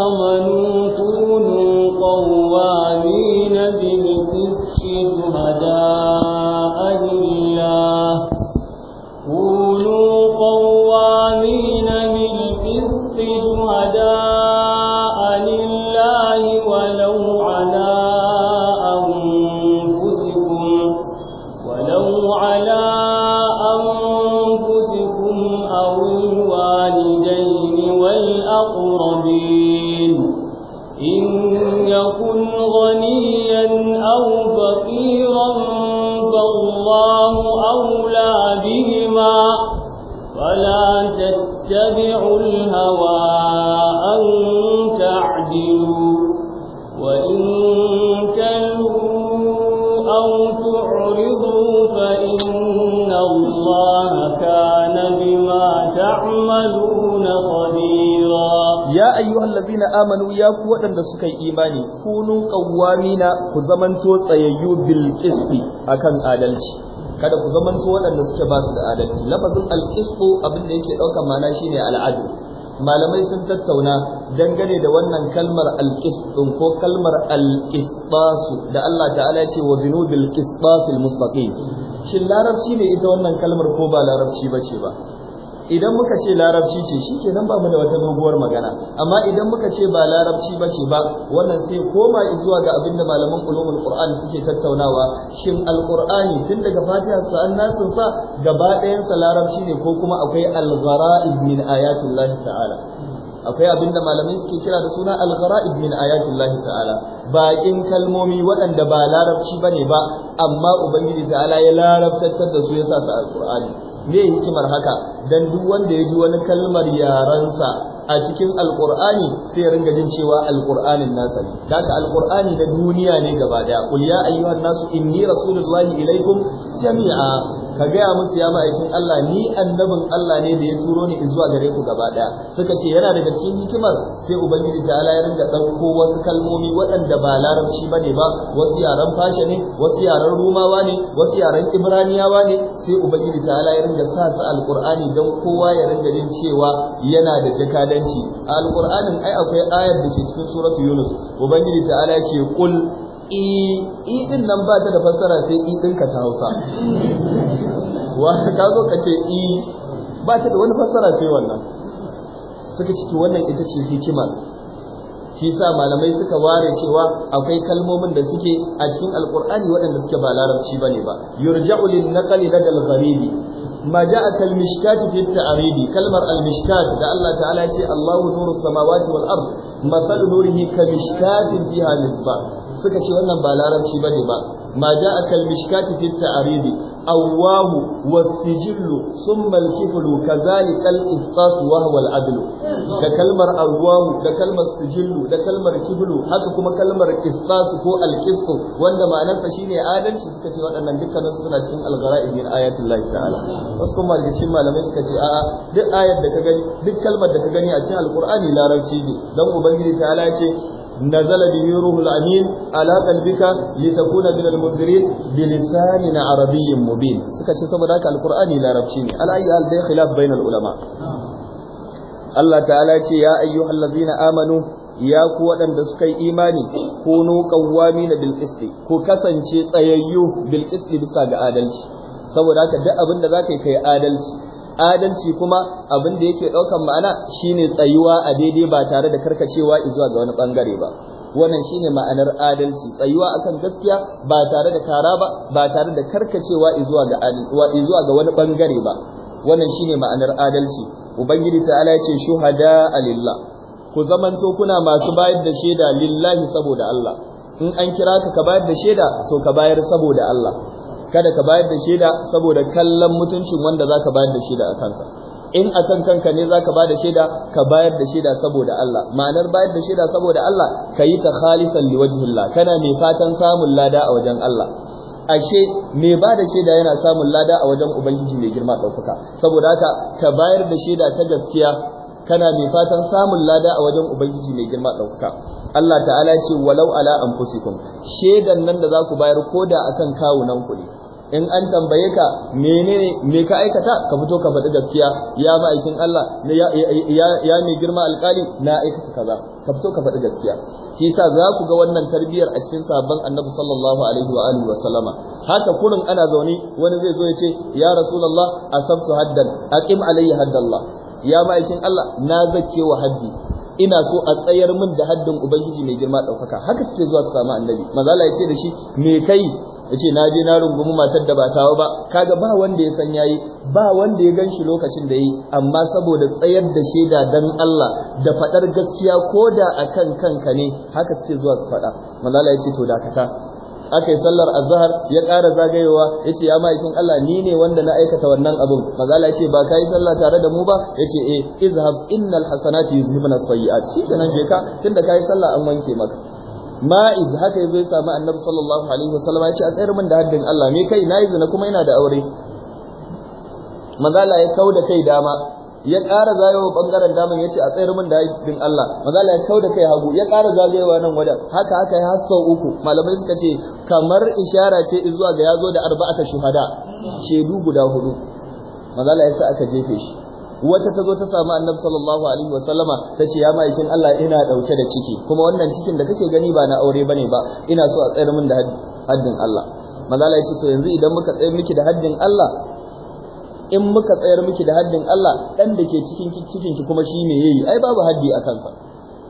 Speaker 2: آمنوا كونوا قوامين بالقسط شهداء
Speaker 1: allazina amanu ya ku waɗanda suka yi imani kunu qawwamina ku zamanto tsayayyu bil qisti akan adalci kada ku zamanto waɗanda suke ba su da adalci lafazin al qistu abin da yake ɗaukar mana shine al adl malamai sun tattauna dangane da wannan kalmar al qist ko kalmar al qistas da Allah ta'ala ya ce wa zinubil qistas al mustaqim shin larabci ne ita wannan kalmar ko ba larabci bace ba idan muka ce larabci ce shikenan ba mu da wata doguwar magana amma idan muka ce ba larabci ba ce ba wannan sai koma zuwa ga abin da malaman ulumul qur'ani suke tattaunawa shin alqur'ani tun daga fatiha su annasin sa gaba ɗayan sa larabci ne ko kuma akwai al-gharaib min ayatillahi ta'ala akwai abinda malamai suke kira da suna al-gharaib min ayatillahi ta'ala baƙin kalmomi waɗanda ba larabci bane ba amma ubangiji ta'ala ya larabtattar da su yasa su alqur'ani me hikimar haka dan duk wanda ya ji wani kalmar yarensa a cikin alqur'ani sai ya ringa jin cewa alqur'anin nasa ne daga alqur'ani na duniya ne gaba daya qul ya ayyuhan nasu inni rasulullahi ilaikum jami'a ka gaya musu ya ma'aikin Allah ni annabin Allah ne da ya turo ni zuwa gare ku gaba daya suka ce yana daga cikin hikimar sai ubangiji ta'ala ya ringa dauko wasu kalmomi waɗanda ba larabci bane ba wasu yaran fasha ne wasu yaran rumawa ne wasu yaran ibraniyawa ne sai ubangiji ta'ala ya ringa sa su alqur'ani dan kowa ya ringa jin cewa yana da jakadanci alqur'anin ai akwai ayar da ke cikin suratu yunus ubangiji ta'ala ya ce kul i i din nan ba ta da fassara sai i din ka ta Hausa kuwa ka zo ka ce i e, ba ta da wani fassara sai wannan suka ci wannan ita ce hikimar shi sa malamai suka ware cewa akwai kalmomin da suke a cikin alqur'ani waɗanda suke ba larabci bane ba yurja'u lin naqli lad al gharibi ma ja'at al mishkat fi ta'ribi kalmar al mishkat da Allah ta'ala ce Allahu nuru samawati wal ard mathal nurihi ka mishkatin fiha misbah suka ce wannan ba larabci ne ba ma ja'a kal mishkati fi ta'rib awwahu wasijil thumma al kifl kadhalika al iftas wa huwa al adl da kalmar awwahu da kalmar sijil da kalmar Kiflu, haka kuma kalmar iftas ko al qist wanda ma'anarsa shine adalci suka ce waɗannan dukkanin suna cikin al ghara'ib min ayatillahi ta'ala wasu kuma daga cikin malamai suka ce a'a duk ayar da ka gani duk kalmar da ka gani a cikin alqur'ani larabci ne dan ubangiji ta'ala ya ce nazala bihi ruhul amin ala qalbika litakuna min al-munzirin bi lisanin arabiyyin mubin suka ce saboda haka alqur'ani larabci ne al-ayyi al-bay khilaf bainal ulama Allah ta'ala ya ce ya na amanu ya ku waɗanda suka yi imani kunu qawwami na bilqisti ku kasance tsayayyu bilqisti bisa ga adalci saboda haka duk abinda da zaka kai adalci adalci kuma abin da yake ɗaukan ma'ana shine tsayuwa a daidai ba tare da karkacewa zuwa ga wani bangare ba wannan shine ma'anar adalci tsayuwa akan gaskiya ba tare da kara ba ba tare da karkacewa zuwa ga zuwa ga wani bangare ba wannan shine ma'anar adalci ubangiji ta'ala yace shuhada alillah ku zamanto kuna masu bayar da shaida lillahi saboda Allah in an kira ka ka bayar da shaida to ka bayar saboda Allah kada ka bayar da shaida saboda kallon mutuncin wanda za ka bayar da shaida a kansa in a can kanka ne ka bayar da shaida ka bayar da shaida saboda Allah ma'anar bayar da shaida saboda Allah kayi ta khalisan liwajhillah kana mai fatan samun lada a wajen Allah ashe mai ba da shaida yana samun lada a wajen ubangiji mai girma ɗaukaka saboda haka ka bayar da shaida ta gaskiya kana mai fatan samun lada a wajen ubangiji mai girma ɗaukaka Allah ta'ala ce walau ala anfusikum shaidan nan da za ku bayar koda akan kawunan ku ne in an tambaye ka menene me ka aikata ka fito ka faɗi gaskiya ya ma'aikin Allah ya mai girma alƙali na aikata kaza ka fito ka faɗi gaskiya shi sa za ku ga wannan tarbiyar a cikin sabon annabi sallallahu alaihi wa alihi wa sallama haka kurin ana zaune wani zai zo ya ce ya rasulullah asabtu haddan aqim alayya haddallah ya aikin Allah na zake wa haddi ina so a tsayar min da haddin ubangiji mai girma ɗaukaka haka suke zuwa su samu annabi maza yace da shi me kai yace na je na rungumi matar da ba tawa ba kaga ba wanda ya san yayi ba wanda ya ganshi lokacin da yi amma saboda tsayar da shaida dan Allah da fadar gaskiya koda akan kanka ne haka suke zuwa su fada manzala yace to dakata aka yi sallar azhar ya ƙara zagayewa yace ya mahaifin Allah ni ne wanda na aikata wannan abun ya yace ba yi sallah tare da mu ba yace eh izhab innal hasanati yuzhibuna as-sayyi'at shi kenan je ka tunda kai sallah an wanke maka ma'iz haka yazo ya samu annabi sallallahu alaihi wasallam ya ce a tsayar min da haddin Allah me kai na yi zina kuma ina da aure mazala ya kau da kai dama ya ƙara zayowa bangaren daman ya ce a tsayar min da haddin Allah mazala ya kau da kai hagu ya ƙara zayewa nan wadan haka haka ya hasso uku malamai suka ce kamar ishara ce zuwa ga yazo da arba'ata shuhada shedu guda hudu mazala ya sa aka jefe shi wata ta zo ta samu annabi sallallahu alaihi wasallama ta ce ya ma'aikin Allah ina dauke da ciki kuma wannan cikin da kake gani ba na aure bane ba ina so a tsayar min da haddin Allah manzala ya ce to yanzu idan muka tsayar miki da haddin Allah in muka tsayar miki da haddin Allah dan da ke cikin cikin ki kuma shi me yayi ai babu haddi a kansa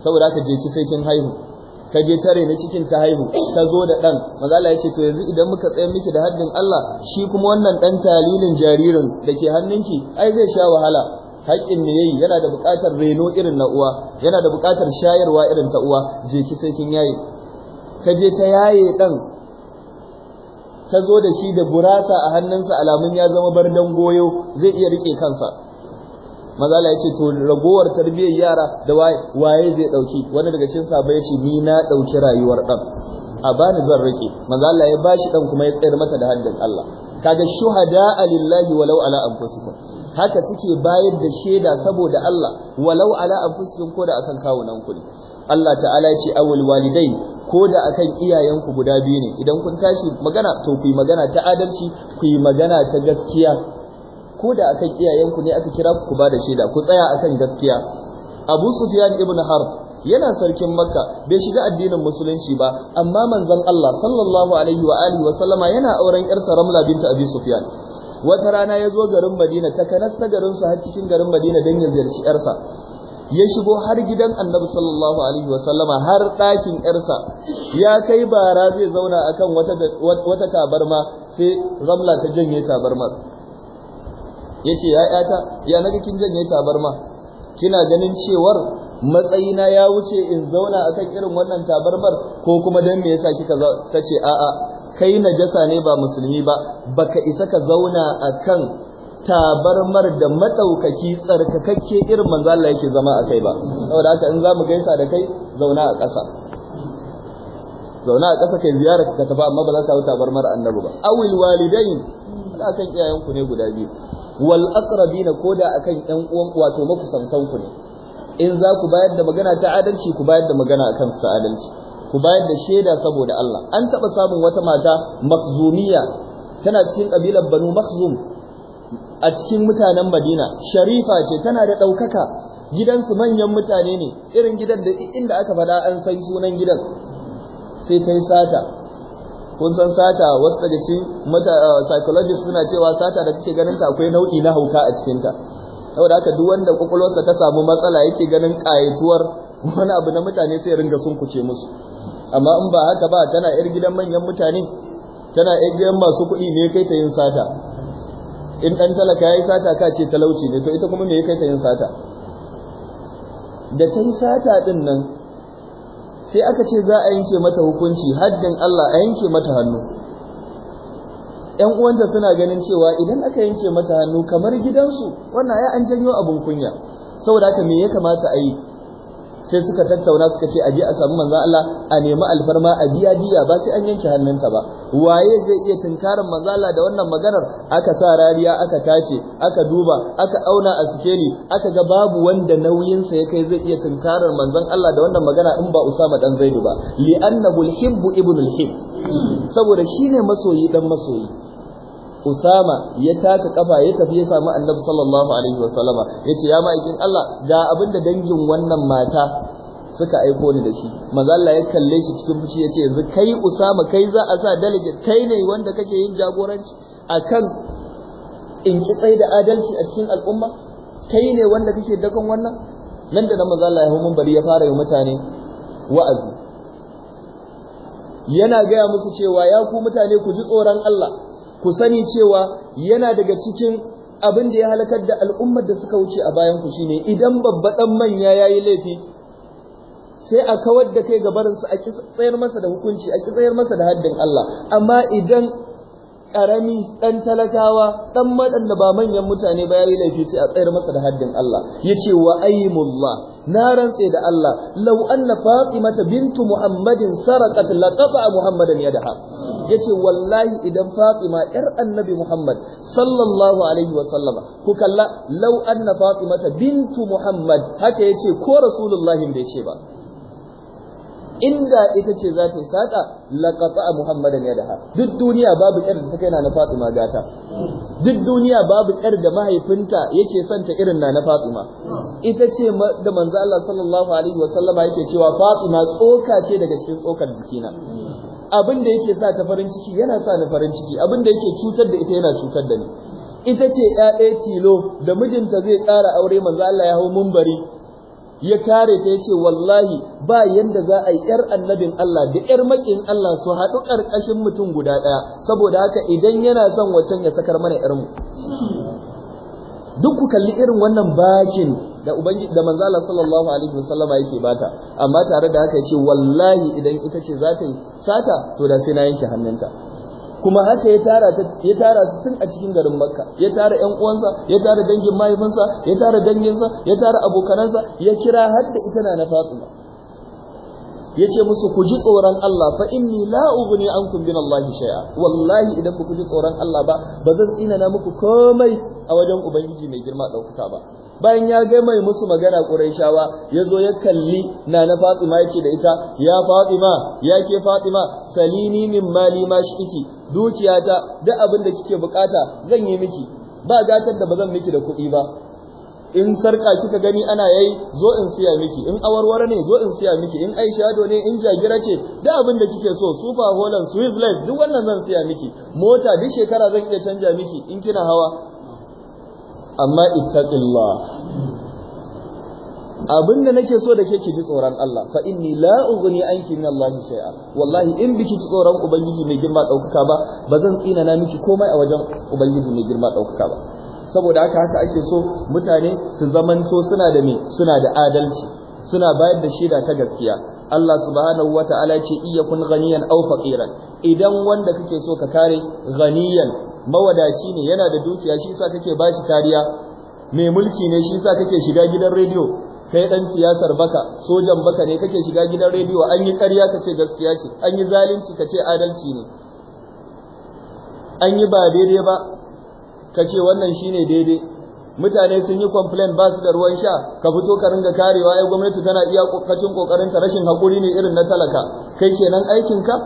Speaker 1: saboda haka je ki sai kin haihu ka je tare na cikin ta haihu ta zo da dan manzala ya ce to yanzu idan muka tsayar miki da haddin Allah shi kuma wannan dan talilin jaririn da ke hannunki ai zai sha wahala haƙƙin me yayi yana da buƙatar reno irin na uwa yana da buƙatar shayarwa irin ta uwa je ki sai kin yayi ka je ta yaye dan ta zo da shi da gurasa a hannunsa alamun ya zama bar bardan goyo zai iya rike kansa mazala ya ce to ragowar tarbiyyar yara da waye zai dauki wani daga cikin sabai ya ce ni na dauki rayuwar dan a bani zan rike mazala ya bashi dan kuma ya tsayar mata da haddin Allah kaga shuhada lillahi walau ala anfusikum haka suke bayar da shaida saboda Allah walau ala anfusikum ko da akan kawunan ku ne Allah ta'ala ya ce awul walidai ko da akan iyayenku guda biyu ne idan kun tashi magana to ku magana ta adalci ku yi magana ta gaskiya ko da akan iyayenku ne aka kira ku ba da shaida ku tsaya akan gaskiya Abu Sufyan ibn Harb yana sarkin makka bai shiga addinin musulunci ba amma manzon Allah sallallahu alaihi wa alihi wa sallama yana auren yarsa Ramla binta Abi Sufyan wata rana ya zo garin madina ta kanas ta garin har cikin garin madina don ya ziyarci yarsa ya shigo har gidan annabi sallallahu alaihi wasallama har ɗakin yarsa ya kai bara zai zauna akan wata wata tabarma sai ramla ta janye tabarmar ya ce ‘ya'yata ya naga kin janye tabarma kina ganin cewar matsayina ya wuce in zauna akan irin wannan tabarmar ko kuma don me yasa kika ta ce a'a kai najasa ne ba musulmi ba ba ka isa ka zauna akan tabarmar da madaukaki tsarkakakke irin manzo Allah yake zama a kai ba saboda haka in zamu gaisa da kai zauna a ƙasa zauna a ƙasa kai ziyarar ka tafi amma ba za ka hau tabarmar annabi ba awil walidain iyayen iyayenku ne guda biyu wal aqrabin koda akan ƴan uwan wato makusantanku ne in za ku bayar da magana ta adalci ku bayar da magana akan su ta adalci ku bayar da shaida saboda Allah an taɓa samun wata mata makzumiya tana cikin ƙabilar banu makzum a cikin mutanen madina sharifa ce tana da ɗaukaka gidansu manyan mutane ne irin gidan da inda aka faɗa an san sunan gidan sai ta yi sata kun san sata wasu daga cikin eh, psychologists suna cewa sata da kake ganin ta akwai nau'i na hauka a cikinta saboda haka duk wanda kwakwalwarsa ta samu matsala yake ganin ƙayatuwar wani abu na mutane sai ringa sun kuce musu amma in ba haka ba tana yar gidan manyan mutane tana yar gidan masu kuɗi me kai ta yin sata in dan talaka yayi sata ka ce talauci ne to ita kuma me kai ta yin sata da ta yi sata din nan sai aka ce za a yanke mata hukunci haddin Allah a yanke mata hannu ‘yan uwanta suna ganin cewa idan aka yanke mata hannu kamar gidansu wannan ya an janyo abin kunya saboda haka me ya kamata a yi sai suka tattauna suka ce a je a samu manzon Allah a nemi alfarma a biya diya ba sai an yanke hannunta ba waye zai iya tunkarin manzon Allah da wannan maganar aka sa rariya aka tace aka duba aka auna a sikeri, aka ga babu wanda nauyinsa ya kai zai iya tunkarar manzan Allah da wannan magana in ba Usama dan Zaidu ba li'annahu al-hibbu ibnul hibb saboda shine masoyi dan masoyi Usama ya taka kafa ya tafi ya samu Annabi sallallahu alaihi wa yace ya ma'aikin Allah ga abinda dangin wannan mata suka aiko ni da shi manzo Allah ya kalle shi cikin fushi yace yanzu kai Usama kai za a sa delegate kai ne wanda kake yin jagoranci akan in kitsai da adalci a cikin al'umma kai ne wanda kake dakon wannan nan da nan manzo Allah ya hau bari ya fara yi mutane wa'azi yana gaya musu cewa ya ku mutane ku ji tsoron Allah ku sani cewa yana daga cikin abin da ya halakar da al'ummar da suka wuce a bayan ku shine idan babba dan manya yayi laifi sai a kawar da kai gabarin su a tsayar masa da hukunci a tsayar masa da haddin Allah amma idan karami dan talakawa dan madanda ba manyan mutane ba yayi laifi sai a tsayar masa da haddin Allah yace wa aymullah na rantse da Allah law anna fatimata bintu muhammadin sarakat laqata muhammadan yadaha yace wallahi idan Fatima yar annabi Muhammad sallallahu alaihi wa sallama ku kalla na anna ta bintu Muhammad haka ya ce ko Rasulullahi bai ce ba inda ita ce za ta yi saƙa laƙaƙa Muhammadan ya daha duk duniya babu ƙyar da ta kai na Fatima gata duk duniya babu ƙyar da mahaifinta yake son ta irin na na Fatima ita ce da manzo Allah sallallahu alaihi wa sallama yake cewa Fatima tsoka ce daga cikin tsokar jikina abin da yake sa ta farin ciki yana sa ni farin ciki abin da yake cutar da ita yana cutar da ni ita ce ɗaya tilo da mijinta zai ƙara aure manzo Allah ya hau mumbari ya kare ta yace wallahi ba yanda za a yi ƴar annabin Allah da ƴar makin Allah su haɗu ƙarƙashin mutum guda ɗaya saboda haka idan yana son wacan ya sakar mana mu duk ku kalli irin wannan bakin da ubangi da manzo Allah sallallahu alaihi wasallama yake bata amma tare da haka yace wallahi idan ita ce za ta yi sata to da sai na yanke hannunta kuma haka ya tara ya tara su tun a cikin garin Makka ya tara ƴan uwansa ya tara dangin mahaifinsa ya tara danginsa ya tara abokanansa ya kira har da ita na Fatima yace musu ku ji tsoron Allah fa inni la ughni ankum min Allah shay'a wallahi idan ku ji tsoron Allah ba ba zan tsina na muku komai a wajen ubangiji mai girma daukaka ba bayan ya ga mai musu magana Qurayshawa zo ya kalli nana na Fatima yace da ita ya Fatima ya ke Fatima salini min mali ma shi shiki dukiyata duk abin da kike bukata zan yi miki ba gatar da bazan miki da kuɗi ba in sarka kika gani ana yayi zo in siya miki in awarware ne zo in siya miki in shado ne in jagira ce duk abin da kike so super holland swiss life duk wannan zan siya miki mota duk shekara zan iya canja miki in kina hawa amma ittaqillah abinda nake so da ke ki ji tsoron Allah fa inni la ughni anki min Allah shay'a wallahi in biki ji tsoron ubangiji mai girma daukaka ba bazan tsina na miki komai a wajen ubangiji mai girma daukaka ba saboda haka haka ake so mutane su zamanto suna da me suna da adalci suna bayar da shaida ta gaskiya Allah subhanahu Ta'ala ce iya kun ganiyan aw faqiran idan wanda kake so ka kare ganiyan mawadaci ne yana da dukiya shi yasa kake bashi kariya mai mulki ne shi yasa kake shiga gidan rediyo kai dan siyasar baka sojan baka ne kake shiga gidan rediyo an yi ƙarya ka ce gaskiya ce an yi zalunci ka ce adalci ne an yi ba daidai ba Ka ce wannan shine daidai mutane sun yi complain ba su da ruwan sha ka fito ka ringa karewa ai gwamnati tana iya kokacin kokarin ta rashin hakuri ne irin na talaka kai kenan aikin ka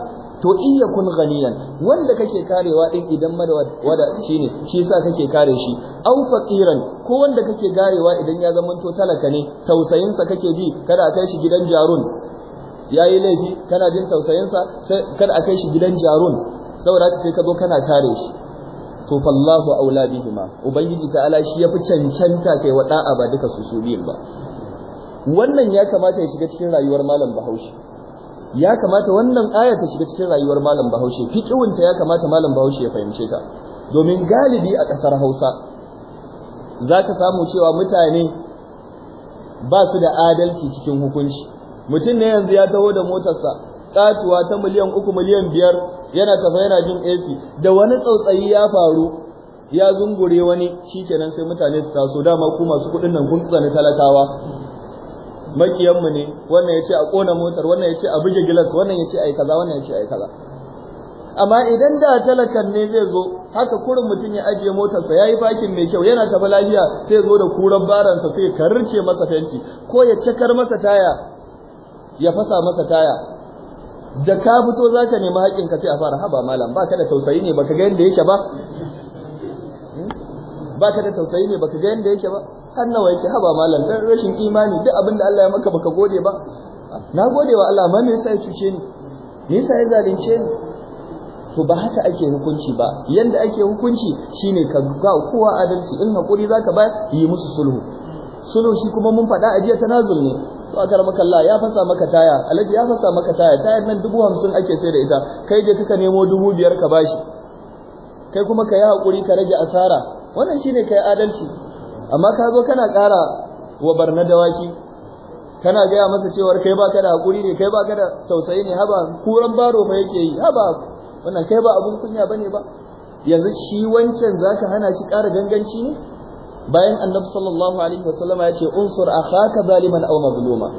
Speaker 1: to in yakun ghaniyan wanda kake karewa din idan madawada shine shi yasa kake kare shi aw faqiran ko wanda kake garewa idan ya to talaka ne tausayinsa kake ji kada a kai shi gidan jarun yayi laifi kana jin tausayinsa sai kada a kai shi gidan jarun saboda sai ka zo kana kare shi to fallahu auladihima bihima ubangiji ala shi yafi cancanta kai wada'a ba duka su su biyin ba wannan ya kamata ya shiga cikin rayuwar malam Bahaushe ya kamata wannan aya ta shiga cikin rayuwar malam Bahaushe fiƙiwinta ya kamata malam Bahaushe ya fahimce ta domin galibi a ƙasar Hausa za ka samu cewa mutane ba su da adalci cikin hukunci mutum ne yanzu ya taho da motarsa katuwa ta miliyan uku miliyan biyar yana tafa yana jin AC da wani tsautsayi ya faru ya zungure wani shikenan sai mutane su taso dama ku masu kuɗin nan kun tsani talakawa makiyanmu ne wannan ya ce a ƙona motar wannan ya ce a buge gilas wannan ya ce a yi kaza wannan ya ce a yi kaza amma idan da talakan ne zai zo haka kurin mutum ya ajiye motarsa ya yi fakin mai kyau yana tafi lafiya sai zo da kuran baransa sai karce masa fenti ko ya cakar masa taya ya fasa masa taya da ka fito za ka nemi haƙƙinka sai a fara haba malam ba ka da tausayi ne ka ga yadda yake ba hmm? ba ka da tausayi ne ka ga yadda yake ba har nawa yake haba malam dan rashin imani duk abin da Allah ya maka baka gode ba na gode wa Allah amma me yasa ya cuce ni me yasa ya zalunce ni to ba haka ake hukunci ba yanda ake hukunci shine ka ga kowa adalci in hakuri zaka ba yi musu sulhu sulhu shi kuma mun faɗa a jiya tanazul ne to akar maka Allah ya fasa maka taya alaji ya fasa maka taya tayar nan dubu hamsin ake sai da ita kai je kaka nemo dubu biyar ka bashi kai kuma ka yi hakuri ka rage asara wannan shine kai adalci amma ka zo kana ƙara wa barna dawaki kana gaya masa cewar kai baka da hakuri ne kai baka da tausayi ne haba kuran baro fa yake yi haba wannan kai ba abun kunya bane ba yanzu shi wancan zaka hana shi ƙara ganganci ne bayan annabi sallallahu alaihi wasallama ya ce unsur akhaka zaliman aw mazluma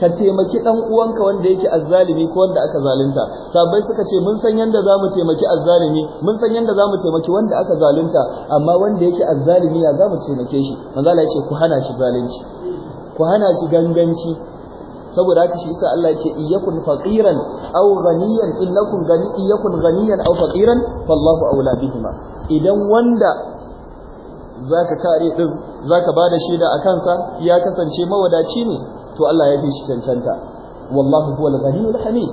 Speaker 1: ka taimaki dan uwanka wanda yake azzalimi ko wanda aka zalunta sabai suka ce mun san yanda zamu taimaki azzalimi mun san yanda zamu taimaki wanda aka zalunta amma wanda yake azzalimi ya zamu taimake shi manzo Allah yace ku hana shi zalunci ku hana shi ganganci saboda haka shi isa Allah yake iyakun faqiran aw ghaniyan innakum gani iyakun ghaniyan aw faqiran wallahu awla bihima idan wanda zaka kare din zaka bada shaida a kansa ya kasance mawadaci ne to Allah ya fi shi cancanta wallahu huwal ghaniyyul hamid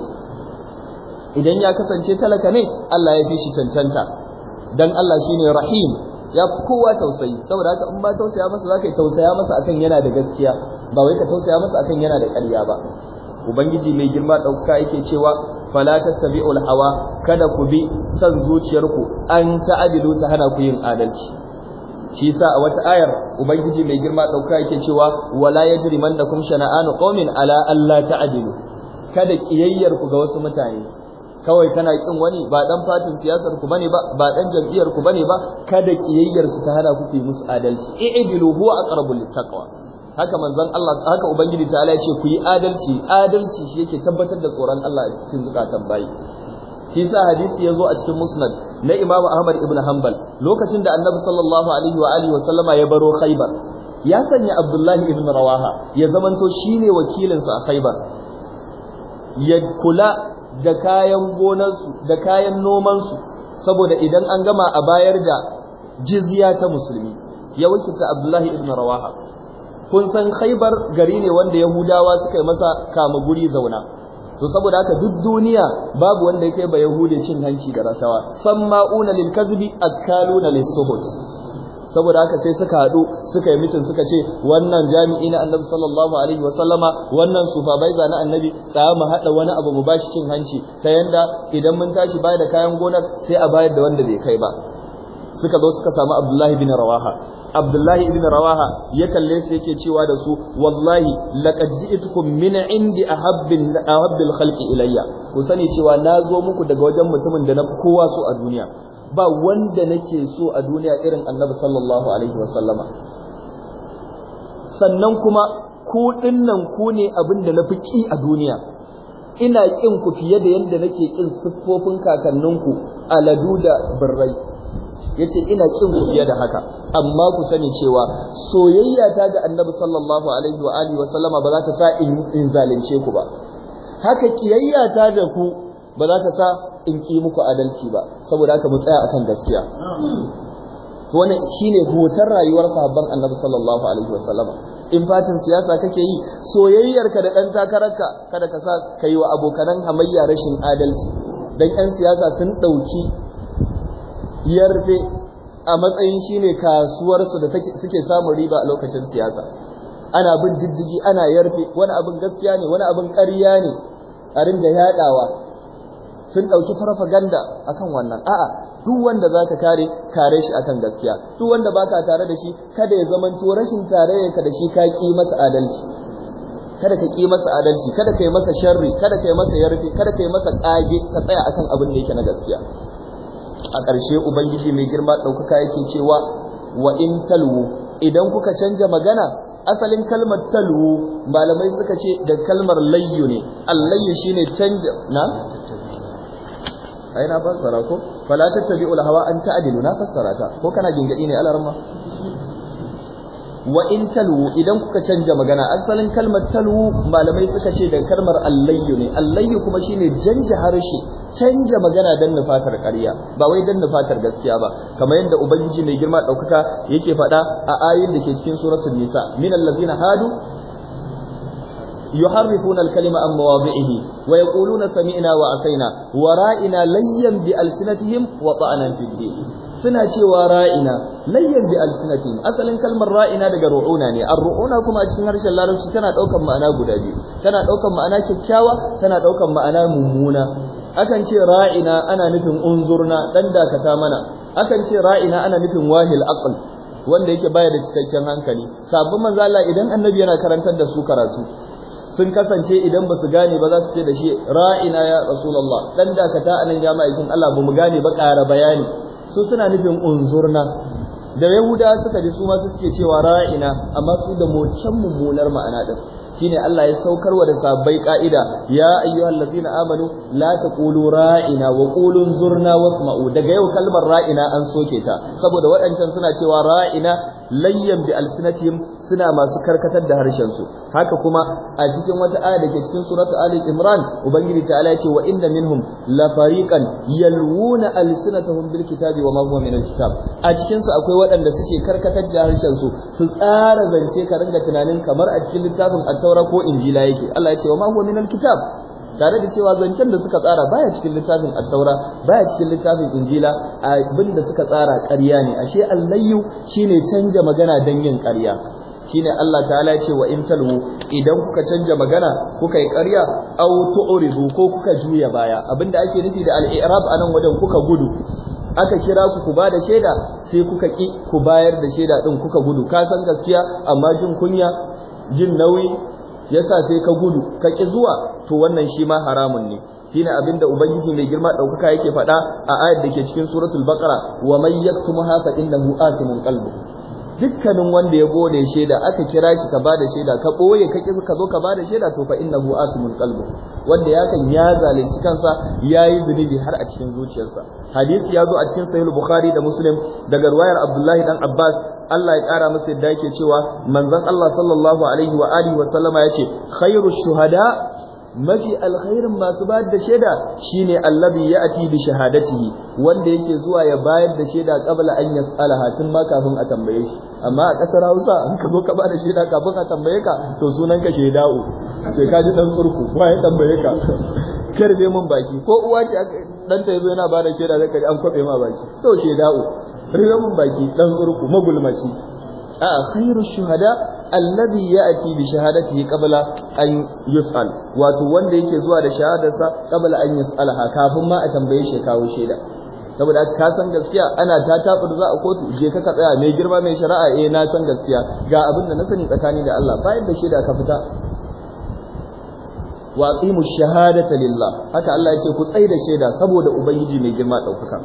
Speaker 1: idan ya kasance talaka ne Allah ya fi shi cancanta dan Allah shine rahim ya kowa tausayi saboda haka in ba tausaya masa zaka tausaya masa akan yana da gaskiya ba wai ka tausaya masa akan yana da ƙarya ba ubangiji mai girma ɗauka yake cewa fala tattabi'ul hawa kada ku bi san zuciyarku an ta'adilu ta hana ku yin adalci shi yasa a wata ayar ubangiji mai girma dauka yake cewa wala yajrimannakum shana'anu qaumin ala alla ta'dilu kada kiyayyar ku ga wasu mutane kawai kana kin wani ba dan fatin siyasar ku bane ba ba dan jam'iyyar ku bane ba kada kiyayyar su ta hada ku fi musu adalci i'dilu huwa aqrabu taqwa haka manzon Allah haka ubangiji ta ya ce ku yi adalci adalci shi yake tabbatar da tsoron Allah a cikin zukatan bayi shi yasa hadisi zo a cikin musnad na Imam Ahmad ibn Hanbal lokacin da Annabi sallallahu alaihi wa alihi wa sallama ya baro khaybar ya sanya Abdullahi ibn Rawaha ya zamanto shine wakilinsa a khaybar ya kula da kayan su da kayan nomansu saboda idan an gama a bayar da jizya ta musulmi ya wakilta Abdullahi ibn Rawaha kun san Khaibar gari ne wanda Yahudawa suka yi masa kama guri zauna to saboda haka duk duniya babu wanda yake ba yahude cin hanci da rasawa samma'una lil kadhibi akaluna lis suhut saboda haka sai suka haɗu suka yi mitin suka ce wannan jami'i na annabi sallallahu alaihi wa sallama wannan supervisor na annabi ta mu haɗa wani abu mu bashi cin hanci ta yanda idan mun tashi bayar da kayan gonar sai a bayar da wanda bai kai ba suka zo suka samu Abdullahi bin Rawaha Abdullahi bin Rawaha ya kalle su yake cewa da su wallahi laqad ji'tukum min indi ahabbin ahabbil khalqi ilayya ku sani cewa na zo muku daga wajen mutumin da na kowa so a duniya ba wanda nake so a duniya irin Annabi sallallahu alaihi wasallama sannan kuma ku dinnan ku ne abin da na fi ki a duniya ina ƙin ku fiye da yadda nake kin siffofin kakanninku aladu da birrai yace ina kin ku fiye da haka amma ku sani cewa soyayya ta ga annabi sallallahu alaihi wa alihi wa sallama ba za ta sa in zalunce ku ba haka kiyayya ta da ku ba za ta sa in ki muku adalci ba saboda haka mu tsaya akan gaskiya wannan shine hotar rayuwar sahabban annabi sallallahu alaihi wa sallama in fatin siyasa kake yi soyayyarka da ɗan takararka kada ka sa ka yi wa abokanan hamayya rashin adalci dan 'yan siyasa sun ɗauki ya rufe a matsayin shi ne kasuwarsu da suke samun riba a lokacin siyasa ana bin diddigi ana yarfe wani abin gaskiya ne wani abin ƙarya ne a ringa yaɗawa sun ɗauki farfaganda akan wannan a'a duk wanda za ka kare kare shi akan gaskiya duk wanda baka tare da shi kada ya zamanto rashin tarayyarka da shi ka ƙi masa adalci kada ka ƙi masa adalci kada ka yi masa sharri kada ka yi masa yarfe kada ka yi masa ƙage ka tsaya akan abin da yake na gaskiya a ƙarshe ubangiji mai girma ɗaukaka yake cewa wa in talwu idan kuka canja magana asalin kalmar talwu malamai suka ce da kalmar layyu ne allayyu shine canja na ai na fassara ko fala tattabi'ul hawa an ta'dilu na fassara ta ko kana gingadi ne alarma wa in talwu idan kuka canja magana asalin kalmar talwu malamai suka ce da kalmar allayyu ne allayyu kuma shine janja harshe canja magana dan nufatar ƙarya ba wai dan nufatar gaskiya ba kamar yadda ubangiji mai girma ɗaukaka yake faɗa a ayin da ke cikin suratul nisa min allazina hadu يحرفون الكلمة عن مواضعه ويقولون سمعنا وعصينا ورائنا ليا بألسنتهم وطعنا في الدين suna cewa ra'ina layyan bi alsinatihim asalin kalmar ra'ina daga ru'una ne ar-ru'una kuma a cikin harshen larabci tana daukar ma'ana guda biyu tana daukar ma'ana kyakkyawa tana ɗaukan ma'ana mummuna akan ce ra'ina ana nufin unzurna dan dakata mana akan ce ra'ina ana nufin wahil aql wanda yake baya da cikakken hankali sabbin manzo Allah idan annabi yana karantar da su karatu sun kasance idan ba su gane ba za su ce da shi ra'ina ya rasulullah dan dakata anan jama'a idan Allah ba mu gane ba ƙara bayani su suna nufin unzurna da yahuda suka ji su ma su suke cewa ra'ina amma su da mocan mummunar ma'ana din shine Allah ya saukarwa da sabbai ƙa'ida. ya ayyuhallazina amanu la taqulu ra'ina wa qulu zurna wasma'u daga yau kalmar ra'ina an soke ta saboda waɗancan suna cewa ra'ina layyan bi alsinatihim suna masu karkatar da harshen su haka kuma a cikin wata aya da ke cikin suratu ali imran ubangiji ta'ala ya ce wa inna minhum la fariqan yalwuna alsinatahum bil kitabi wa ma huwa min al kitab a cikin su akwai waɗanda suke karkatar da harshen su su tsara zance ka ringa tunanin kamar a cikin littafin at-taura ko injila yake Allah ya ce wa ma huwa min al kitab tare da cewa zancen da suka tsara baya cikin littafin asaura baya cikin littafin injila abinda suka tsara ƙarya ne ashe allayyu shine canja magana don yin ƙarya shine Allah ta'ala ya ce wa in idan kuka canja magana kuka yi ƙarya aw tu'ridu ko kuka juya baya abinda ake nufi da al-i'rab anan wajen kuka gudu aka kira ku ku bada shaida sai kuka ki ku bayar da shaida din kuka gudu ka san gaskiya amma jin kunya jin nauyi yasa sai ka gudu ka ki zuwa to wannan shi ma haramun ne shine abinda ubangiji mai girma daukaka yake faɗa a ayar da ke cikin suratul baqara wa may yaktumha fa innahu athimun qalbuhu dukkanin wanda ya bone shaida aka kira shi ka bada shaida ka boye ka ka zo ka bada shaida to fa innahu asimul qalbu wanda ya kan ya zalunci kansa yayi zunubi har a cikin zuciyarsa hadisi ya zo a cikin sahih bukhari da muslim daga ruwayar abdullahi dan abbas Allah ya kara masa yadda yake cewa manzon Allah sallallahu alaihi wa alihi wa sallama yace khairu shuhada mafi alkhairin masu bayar da shaida shine allazi ya'ti bi shahadatihi wanda yake zuwa ya bayar da shaida qabla an yas'alaha tun ma kafin a tambaye shi amma a kasar Hausa an ka zo ka bada shaida kafin a tambaye ka to sunan ka shaida'u sai ka ji dan surku ba ya tambaye ka karbe mun baki ko uwa ce danta yazo yana bada shaida zaka ji an kwabe ma baki to shaida'u karbe mun baki dan surku magulmaci a'a الشهداء shuhada يأتي بشهادته قبل أن يسأل an yus'al wato wanda yake zuwa da shahadarsa qabla an kafin ma a tambaye shi kawo shaida saboda ka san gaskiya ana ta tabar za a kotu je ka tsaya mai girma mai shari'a eh na san gaskiya ga abin da na sani tsakani da Allah bayan da shaida ka fita wa aqimu shahadata lillah haka Allah ya ce ku tsai da shaida saboda ubangiji mai girma daukaka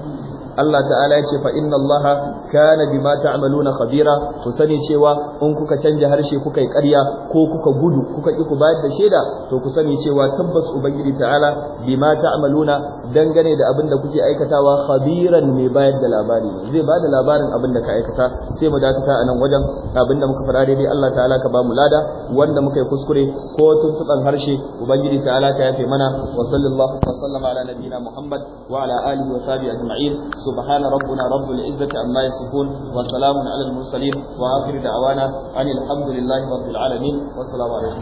Speaker 1: Allah ta'ala ya ce fa inna Allah kana bima ta'maluna khabira ku sani cewa in kuka canja harshe kuka yi ƙarya ko kuka gudu kuka ki ku bayar da shaida to ku sani cewa tabbas ubangiji ta'ala bima ta'maluna dangane da abin da kuke aikatawa khabiran mai bayar da labari zai da labarin abin da ka aikata sai mu dakata a nan wajen abin da muka fara daidai Allah ta'ala ka ba mu lada wanda muka yi kuskure ko tuntuban harshe ubangiji ta'ala ka yafe mana wa sallallahu wa sallama ala nabiyina Muhammad wa ala alihi wa sahbihi ajma'in subhana rabbuna rabbil izzati amma yasifun wa salamun alal mursalin wa akhir da'wana anil
Speaker 3: hamdulillahi rabbil alamin wassalamu alaikum